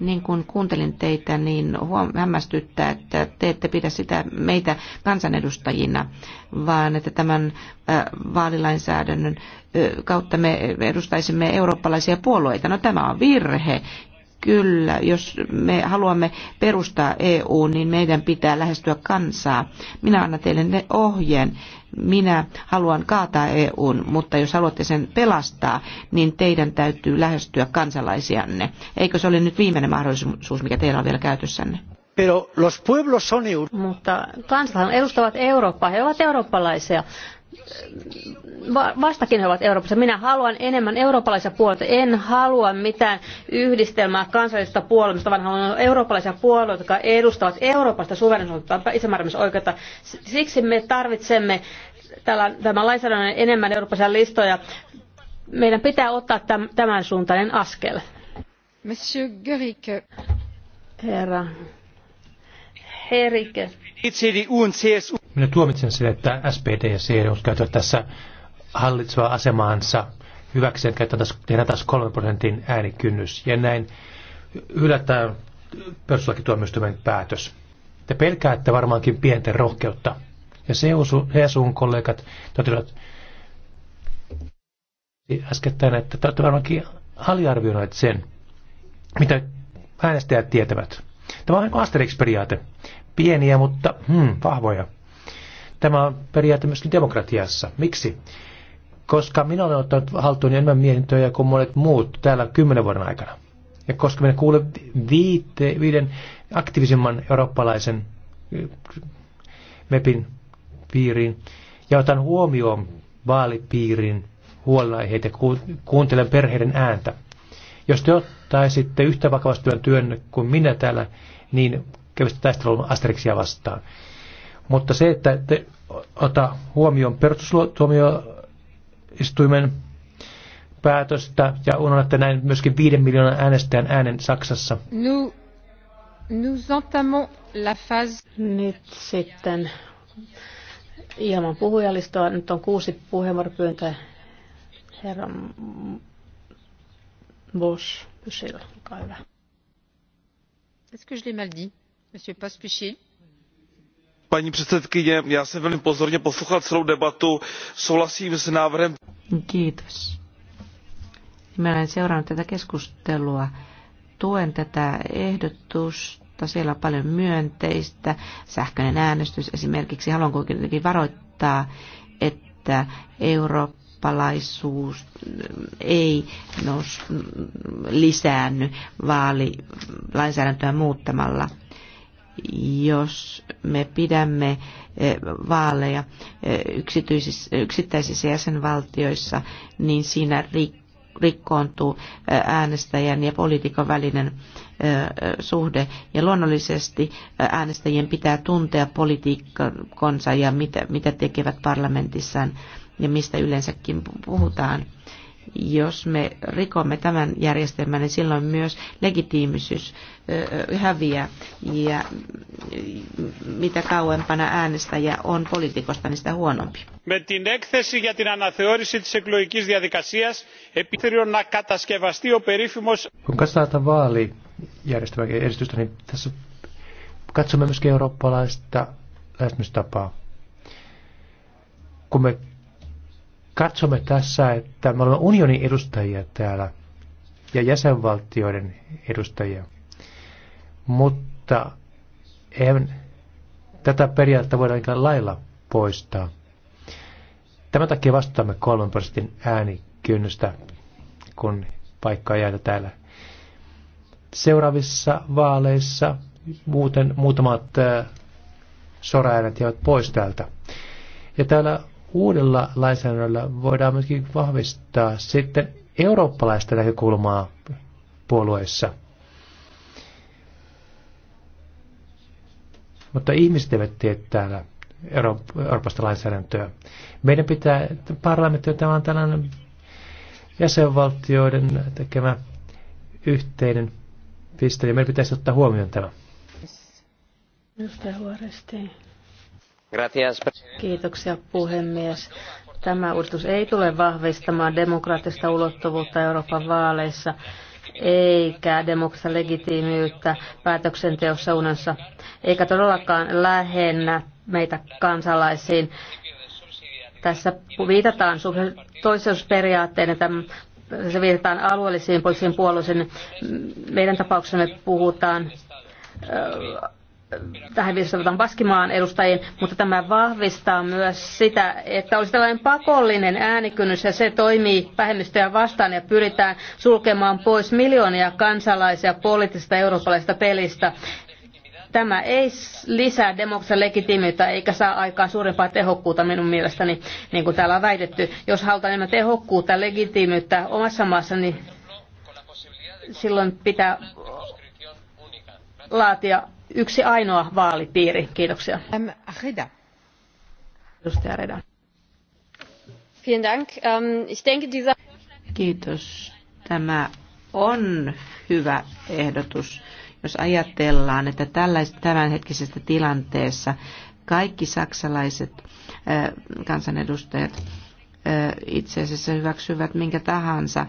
niin kun kuuntelin teitä, niin huom- hämmästyttää, että te ette pidä sitä meitä kansanedustajina, vaan että tämän äh, vaalilainsäädännön äh, kautta me edustaisimme eurooppalaisia puolueita. No tämä on virhe kyllä, jos me haluamme perustaa EU, niin meidän pitää lähestyä kansaa. Minä annan teille ne ohjeen. Minä haluan kaataa EUn, mutta jos haluatte sen pelastaa, niin teidän täytyy lähestyä kansalaisianne. Eikö se ole nyt viimeinen mahdollisuus, mikä teillä on vielä käytössänne? Pero los pueblos son... Mutta kansalaiset edustavat Eurooppaa, he ovat eurooppalaisia vastakin he ovat Euroopassa. Minä haluan enemmän eurooppalaisia puolueita. En halua mitään yhdistelmää kansallisesta puolueesta, vaan haluan eurooppalaisia puolueita, jotka edustavat Euroopasta suverenisuutta itsemääräämisoikeutta. Siksi me tarvitsemme tämän lainsäädännön enemmän eurooppalaisia listoja. Meidän pitää ottaa tämän suuntainen askel. Monsieur Herra Herike. Minä tuomitsen sen, että SPD ja CDU käyttävät tässä hallitsevaa asemaansa hyväksi, että tehdään taas 3 prosentin äänikynnys. Ja näin hylätään perustuslakituomioistuimen päätös. Te pelkäätte varmaankin pienten rohkeutta. Ja CSUn kollegat totesivat äskettäin, että te olette varmaankin aliarvioineet sen, mitä äänestäjät tietävät. Tämä on Asterix-periaate pieniä, mutta hmm, vahvoja. Tämä on periaate myöskin demokratiassa. Miksi? Koska minä olen ottanut haltuun enemmän mietintöjä kuin monet muut täällä kymmenen vuoden aikana. Ja koska minä kuulen viite, viiden aktiivisimman eurooppalaisen eh, MEPin piiriin ja otan huomioon vaalipiirin huolenaiheet ja kuuntelen perheiden ääntä. Jos te ottaisitte yhtä vakavasti työn kuin minä täällä, niin kevyesti taistelun Asterixia vastaan. Mutta se, että te ota huomioon perustuslomioistuimen päätöstä ja unohdatte näin myöskin viiden miljoonan äänestäjän äänen Saksassa. Nous, nous entamons la phase... Nyt sitten ilman puhujalistoa. Nyt on kuusi puheenvuoropyyntöä. Herra Bosch, pysyllä, olkaa hyvä. Est-ce que je l'ai mal dit? paní předsedající já jsem velmi pozorně poslouchal celou debatu souhlasím s návrhem. minä olen seurannut tätä keskustelua. Tuen tätä ehdotusta. Siellä on paljon myönteistä. Sähköinen äänestys esimerkiksi. Haluan kuitenkin varoittaa, että eurooppalaisuus ei nous, lisäänny vaalilainsäädäntöä muuttamalla jos me pidämme eh, vaaleja eh, yksittäisissä jäsenvaltioissa, niin siinä rikkoontuu eh, äänestäjän ja poliitikon välinen suhde. Ja luonnollisesti äänestäjien pitää tuntea politiikkonsa ja mitä, mitä tekevät parlamentissaan ja mistä yleensäkin puhutaan. Jos me rikomme tämän järjestelmän, niin silloin myös legitiimisyys häviää. Ja mitä kauempana äänestäjä on poliitikosta, niin sitä huonompi. Με την έκθεση για την αναθεώρηση της εκλογικής διαδικασίας επιθυμώ να κατασκευαστεί ο περίφημος... Kun katsotaan vaalijärjestelmän edistystä, niin tässä katsomme myöskin eurooppalaista lähestymistapaa. Kun me katsomme tässä, että me olemme unionin edustajia täällä ja jäsenvaltioiden edustajia. Mutta eihän tätä periaatetta voida ainakaan lailla poistaa. Tämän takia vastaamme kolmen prosentin äänikynnystä, kun paikkaa jäädä täällä. Seuraavissa vaaleissa muuten muutamat soraäänet jäävät pois täältä. Ja täällä uudella lainsäädännöllä voidaan myöskin vahvistaa sitten eurooppalaista näkökulmaa puolueissa. Mutta ihmiset eivät tee täällä Euroopasta lainsäädäntöä. Meidän pitää, parlamentti on tämä on tällainen jäsenvaltioiden tekemä yhteinen piste, ja meidän pitäisi ottaa huomioon tämä. Edustaja Huoresti. Kiitoksia puhemies. Tämä uudistus ei tule vahvistamaan demokraattista ulottuvuutta Euroopan vaaleissa eikä demokraattista legitiimiyttä päätöksenteossa unessa, eikä todellakaan lähennä meitä kansalaisiin. Tässä viitataan toisuusperiaatteen, että se viitataan alueellisiin poliittisiin puolueisiin. Meidän tapauksemme puhutaan tähän viisastutaan Baskimaan edustajiin, mutta tämä vahvistaa myös sitä, että olisi tällainen pakollinen äänikynnys ja se toimii vähemmistöjä vastaan ja pyritään sulkemaan pois miljoonia kansalaisia poliittisesta eurooppalaisesta pelistä. Tämä ei lisää demokratian legitimiyttä eikä saa aikaan suurempaa tehokkuutta minun mielestäni, niin kuin täällä on väitetty. Jos halutaan enemmän tehokkuutta ja omassa maassa, niin silloin pitää laatia yksi ainoa vaalipiiri. Kiitoksia. Reda. Edustaja Reda. Ähm, Kiitos. Tämä on hyvä ehdotus. Jos ajatellaan, että tämänhetkisessä tilanteessa kaikki saksalaiset äh, kansanedustajat itse asiassa hyväksyvät minkä tahansa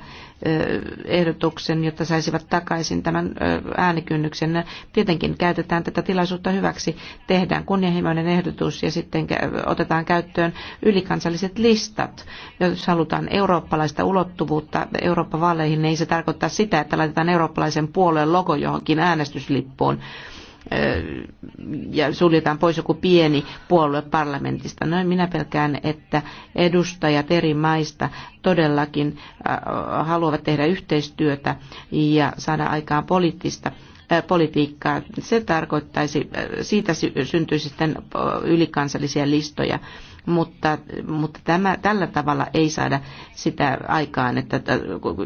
ehdotuksen, jotta saisivat takaisin tämän äänikynnyksen. Tietenkin käytetään tätä tilaisuutta hyväksi, tehdään kunnianhimoinen ehdotus ja sitten otetaan käyttöön ylikansalliset listat. Jos halutaan eurooppalaista ulottuvuutta Eurooppa-vaaleihin, niin ei se tarkoittaa sitä, että laitetaan eurooppalaisen puolueen logo johonkin äänestyslippuun ja suljetaan pois joku pieni puolue parlamentista. Noin minä pelkään, että edustajat eri maista todellakin haluavat tehdä yhteistyötä ja saada aikaan poliittista politiikkaa. Se tarkoittaisi, siitä syntyisi sitten ylikansallisia listoja, mutta, mutta tämä, tällä tavalla ei saada sitä aikaan, että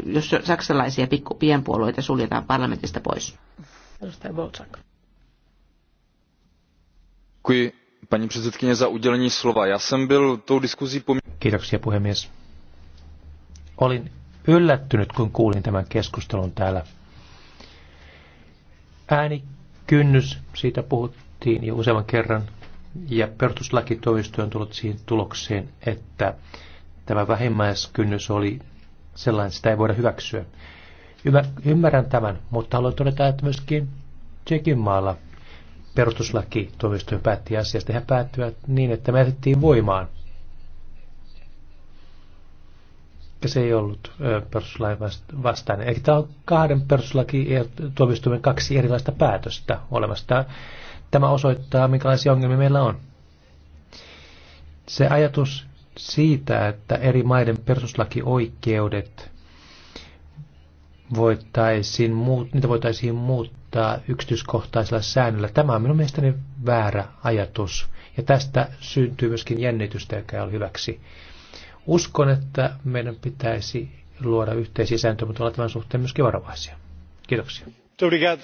jos saksalaisia pikku pienpuolueita suljetaan parlamentista pois. Edustaja paní předsedající já jsem byl tou diskusí Kiitoksia puhemies. Olin yllättynyt, kun kuulin tämän keskustelun täällä. Äänikynnys, siitä puhuttiin jo useamman kerran, ja perustuslakitoimisto on tullut siihen tulokseen, että tämä vähimmäiskynnys oli sellainen, sitä ei voida hyväksyä. Ymmärrän tämän, mutta haluan todeta, että myöskin Tsekin maalla perustuslaki tuomioistuin päätti asiasta. Hän päättyvät niin, että me jätettiin voimaan. Ja se ei ollut perustuslain vastainen. Eli tämä on kahden perustuslaki tuomioistuimen kaksi erilaista päätöstä olemassa. Tämä osoittaa, minkälaisia ongelmia meillä on. Se ajatus siitä, että eri maiden perustuslakioikeudet voitaisiin muut, niitä voitaisiin muuttaa rajoittaa yksityiskohtaisella säännöllä. Tämä on minun mielestäni väärä ajatus. Ja tästä syntyy myöskin jännitystä, joka on hyväksi. Uskon, että meidän pitäisi luoda yhteisiä sääntöjä, mutta olla tämän suhteen myöskin varovaisia. Kiitoksia.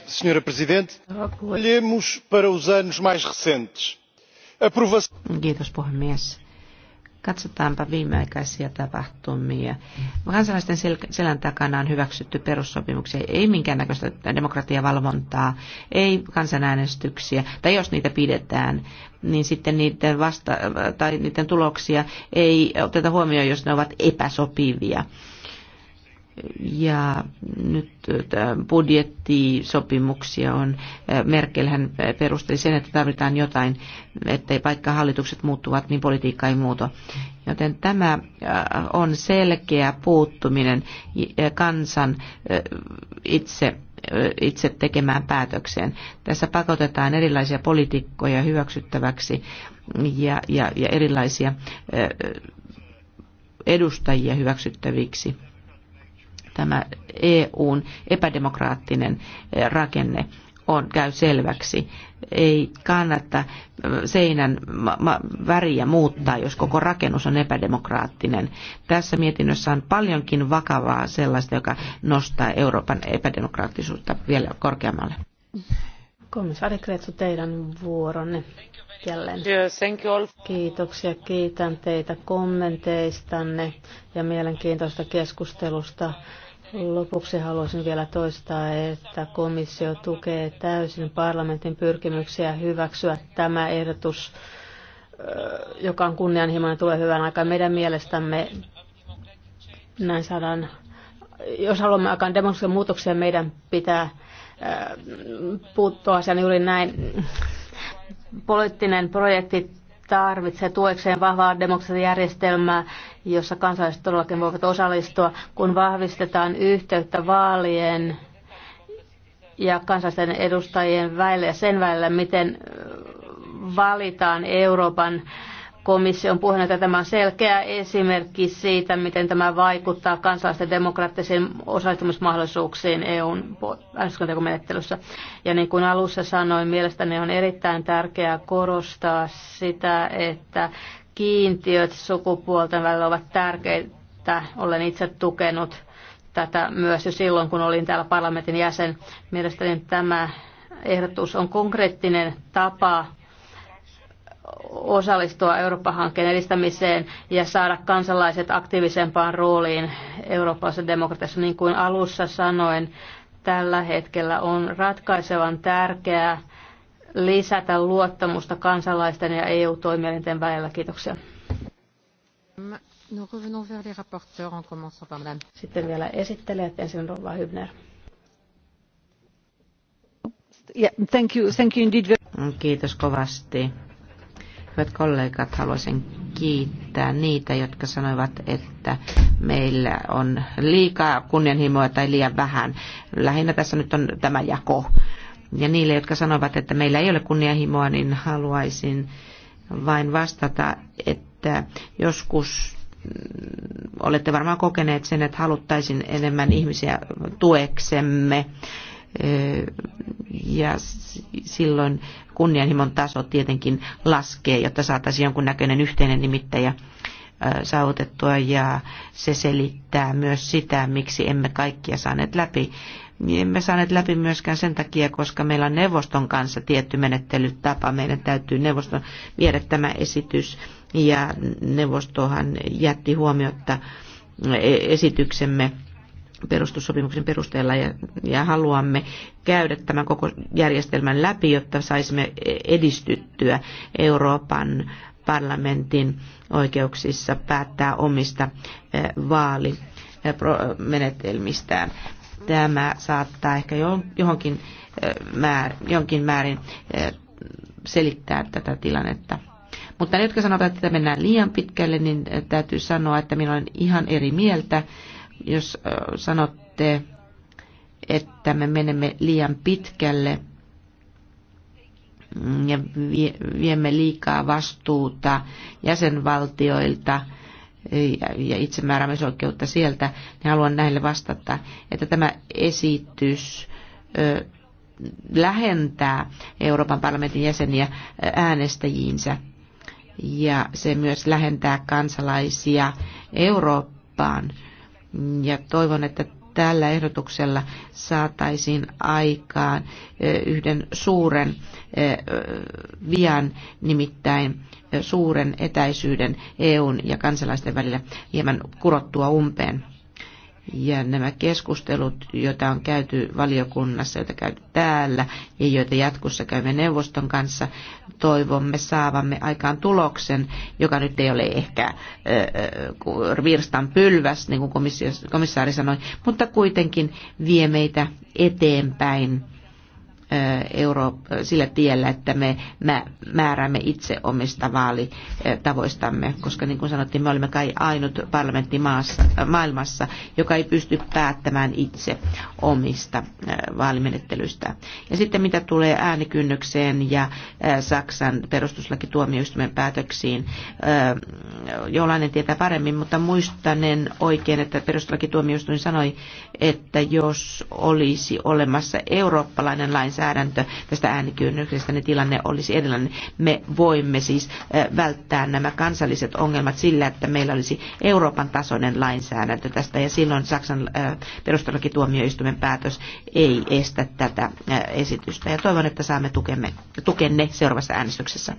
Senhora Presidente, olhemos para os anos mais recentes. Kiitos puhemies. Katsotaanpa viimeaikaisia tapahtumia. Kansalaisten sel- selän takana on hyväksytty perussopimuksia, ei minkäännäköistä demokratiavalvontaa, ei kansanäänestyksiä, tai jos niitä pidetään, niin sitten niiden, vasta- tai niiden tuloksia ei oteta huomioon, jos ne ovat epäsopivia ja nyt budjettisopimuksia on. Merkelhän perusteli sen, että tarvitaan jotain, ettei vaikka hallitukset muuttuvat, niin politiikka ei muuta. Joten tämä on selkeä puuttuminen kansan itse itse tekemään päätökseen. Tässä pakotetaan erilaisia poliitikkoja hyväksyttäväksi ja, ja, ja erilaisia edustajia hyväksyttäviksi tämä EUn epädemokraattinen eh, rakenne on, käy selväksi. Ei kannata eh, seinän väriä muuttaa, jos koko rakennus on epädemokraattinen. Tässä mietinnössä on paljonkin vakavaa sellaista, joka nostaa Euroopan epädemokraattisuutta vielä korkeammalle. Komissaari Kretsu, teidän vuoronne jälleen. Kiitoksia, kiitän teitä kommenteistanne ja mielenkiintoista keskustelusta. Lopuksi haluaisin vielä toistaa, että komissio tukee täysin parlamentin pyrkimyksiä hyväksyä tämä ehdotus, joka on kunnianhimoinen tulee hyvän aikaan. Meidän mielestämme näin saadaan, jos haluamme aikaan demokratian muutoksia, meidän pitää puuttua asiaan juuri näin. Poliittinen projekti tarvitsee tuekseen vahvaa demokratiajärjestelmää, jossa kansalaiset todellakin voivat osallistua, kun vahvistetaan yhteyttä vaalien ja kansallisten edustajien välillä ja sen välillä, miten valitaan Euroopan komission puheenjohtaja. Tämä on selkeä esimerkki siitä, miten tämä vaikuttaa kansalaisten demokraattisiin osallistumismahdollisuuksiin EUn äänestyskuntakomenettelyssä. Ja niin kuin alussa sanoin, mielestäni on erittäin tärkeää korostaa sitä, että kiintiöt sukupuolten välillä ovat tärkeitä. Olen itse tukenut tätä myös jo silloin, kun olin täällä parlamentin jäsen. Mielestäni tämä ehdotus on konkreettinen tapa osallistua Eurooppa-hankkeen edistämiseen ja saada kansalaiset aktiivisempaan rooliin eurooppalaisessa demokratiassa. Niin kuin alussa sanoin, tällä hetkellä on ratkaisevan tärkeää lisätä luottamusta kansalaisten ja EU-toimielinten välillä. Kiitoksia. Sitten vielä esittelijät, ensin Rova Hübner. Yeah, thank you, thank you indeed. Kiitos kovasti Hyvät kollegat, haluaisin kiittää niitä, jotka sanoivat, että meillä on liikaa kunnianhimoa tai liian vähän. Lähinnä tässä nyt on tämä jako. Ja niille, jotka sanovat, että meillä ei ole kunnianhimoa, niin haluaisin vain vastata, että joskus mm, olette varmaan kokeneet sen, että haluttaisiin enemmän ihmisiä tueksemme ja silloin kunnianhimon taso tietenkin laskee, jotta saataisiin jonkunnäköinen yhteinen nimittäjä saavutettua ja se selittää myös sitä, miksi emme kaikkia saaneet läpi. Niin emme saaneet läpi myöskään sen takia, koska meillä on neuvoston kanssa tietty menettelytapa. Meidän täytyy neuvoston viedä tämä esitys ja neuvostohan jätti huomiota e- esityksemme perustussopimuksen perusteella ja, ja haluamme käydä tämän koko järjestelmän läpi, jotta saisimme edistyttyä Euroopan parlamentin oikeuksissa päättää omista eh, vaalimenetelmistään. Tämä saattaa ehkä johonkin, eh, määrin, jonkin määrin eh, selittää tätä tilannetta. Mutta ne, jotka sanovat, että mennään liian pitkälle, niin täytyy sanoa, että minä olen ihan eri mieltä jos sanotte, että me menemme liian pitkälle mm, ja viemme liikaa vastuuta jäsenvaltioilta ja itsemääräämisoikeutta sieltä, niin haluan näille vastata, että tämä esitys lähentää Euroopan parlamentin jäseniä äänestäjiinsä ja se myös lähentää kansalaisia Eurooppaan ja toivon, että tällä ehdotuksella saataisiin aikaan yhden suuren vian, nimittäin suuren etäisyyden EUn ja kansalaisten välillä hieman kurottua umpeen. Ja nämä keskustelut, joita on käyty valiokunnassa, joita käyty täällä ja joita jatkossa käymme neuvoston kanssa, toivomme saavamme aikaan tuloksen, joka nyt ei ole ehkä virstan pylväs, niin kuin komissaari sanoi, mutta kuitenkin vie meitä eteenpäin Euro, sillä tiellä, että me määräämme itse omista vaalitavoistamme, koska niin kuin sanottiin, me olemme kai ainut parlamentti maassa, maailmassa, joka ei pysty päättämään itse omista vaalimenettelyistä. Ja sitten mitä tulee äänikynnykseen ja Saksan perustuslakituomioistuimen päätöksiin, jollainen tietää paremmin, mutta muistanen oikein, että perustuslakituomioistuin sanoi, että jos olisi olemassa eurooppalainen lainsäädäntö, lainsäädäntö tästä äänikynnyksestä, niin tilanne olisi erilainen. Me voimme siis välttää nämä kansalliset ongelmat sillä, että meillä olisi Euroopan tasoinen lainsäädäntö tästä, ja silloin Saksan perustuslakituomioistuimen päätös ei estä tätä esitystä. Ja toivon, että saamme tukemme, tukenne seuraavassa äänestyksessä.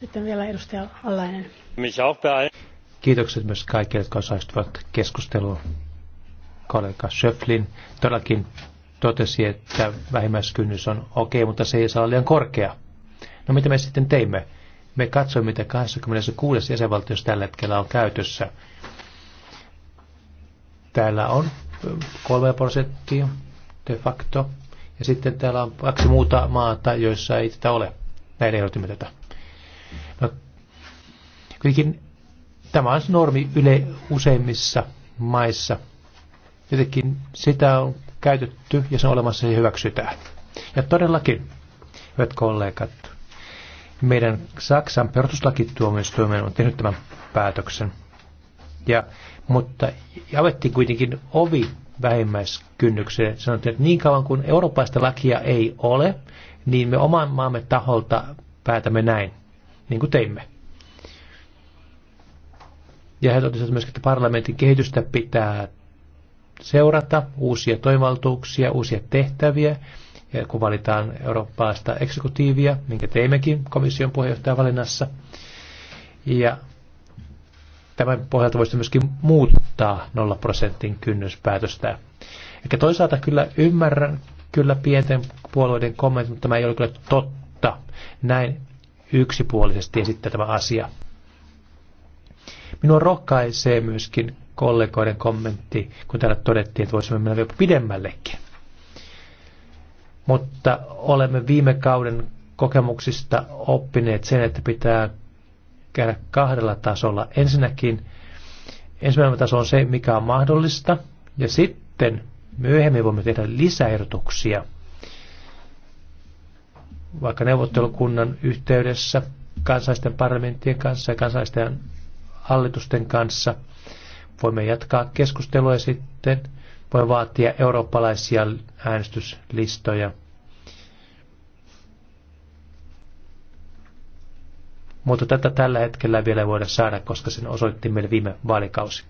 Sitten vielä edustaja Allainen. Kiitokset myös kaikille, jotka osallistuvat keskusteluun. Kollega Schöflin todellakin totesi, että vähimmäiskynnys on okei, okay, mutta se ei saa olla liian korkea. No mitä me sitten teimme? Me katsoimme, mitä 26 jäsenvaltiossa tällä hetkellä on käytössä. Täällä on 3 prosenttia de facto, ja sitten täällä on kaksi muuta maata, joissa ei tätä ole. Näin ehdotimme tätä. No, kuitenkin tämä on normi yle useimmissa maissa. Jotenkin sitä on käytetty ja se on olemassa ja hyväksytään. Ja todellakin, hyvät kollegat, meidän Saksan perustuslakituomioistuimen on tehnyt tämän päätöksen. Ja, mutta avettiin kuitenkin ovi vähimmäiskynnykseen. Sanottiin, että niin kauan kuin eurooppaista lakia ei ole, niin me oman maamme taholta päätämme näin, niin kuin teimme. Ja he totesivat myöskin, että parlamentin kehitystä pitää seurata uusia toimivaltuuksia, uusia tehtäviä, ja kun valitaan Eurooppaasta eksekutiivia, minkä teimmekin komission puheenjohtajan valinnassa. Ja tämän pohjalta voisi myöskin muuttaa 0 prosentin kynnyspäätöstä. Eli toisaalta kyllä ymmärrän kyllä pienten puolueiden kommentit, mutta tämä ei ole kyllä totta. Näin yksipuolisesti esittää tämä asia. Minua rohkaisee myöskin kollegoiden kommentti, kun täällä todettiin, että voisimme mennä vielä pidemmällekin. Mutta olemme viime kauden kokemuksista oppineet sen, että pitää käydä kahdella tasolla. Ensinnäkin ensimmäinen taso on se, mikä on mahdollista, ja sitten myöhemmin voimme tehdä lisäehdotuksia, vaikka neuvottelukunnan yhteydessä, kansallisten parlamenttien kanssa ja kansallisten hallitusten kanssa – Voimme jatkaa keskustelua ja sitten voi vaatia eurooppalaisia äänestyslistoja. Mutta tätä tällä hetkellä vielä ei voida saada, koska sen osoitti meille viime vaalikausi.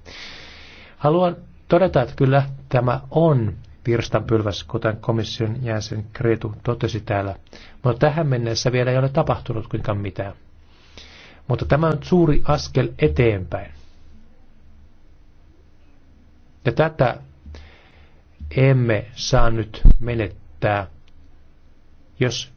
Haluan todeta, että kyllä tämä on virstanpylväs, kuten komission jäsen Kretu totesi täällä. Mutta tähän mennessä vielä ei ole tapahtunut kuinkaan mitään. Mutta tämä on suuri askel eteenpäin. Ja tätä emme saa nyt menettää. Jos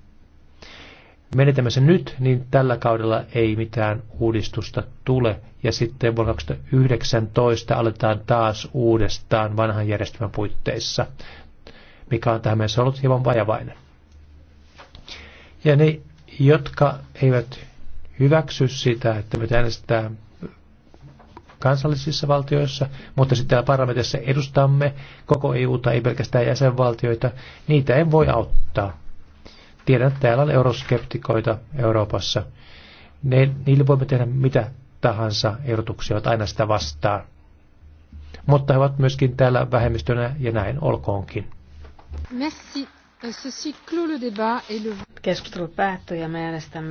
menetämme sen nyt, niin tällä kaudella ei mitään uudistusta tule. Ja sitten vuonna 2019 aletaan taas uudestaan vanhan järjestelmän puitteissa, mikä on tähän mennessä ollut hieman vajavainen. Ja ne, jotka eivät hyväksy sitä, että me äänestetään kansallisissa valtioissa, mutta sitten täällä parlamentissa edustamme koko EUta, ei pelkästään jäsenvaltioita. Niitä en voi auttaa. Tiedän, että täällä on euroskeptikoita Euroopassa. Ne, niille voimme tehdä mitä tahansa ehdotuksia, ovat aina sitä vastaan. Mutta he ovat myöskin täällä vähemmistönä ja näin olkoonkin. Merci. Keskustelu päättyy ja me äänestämme.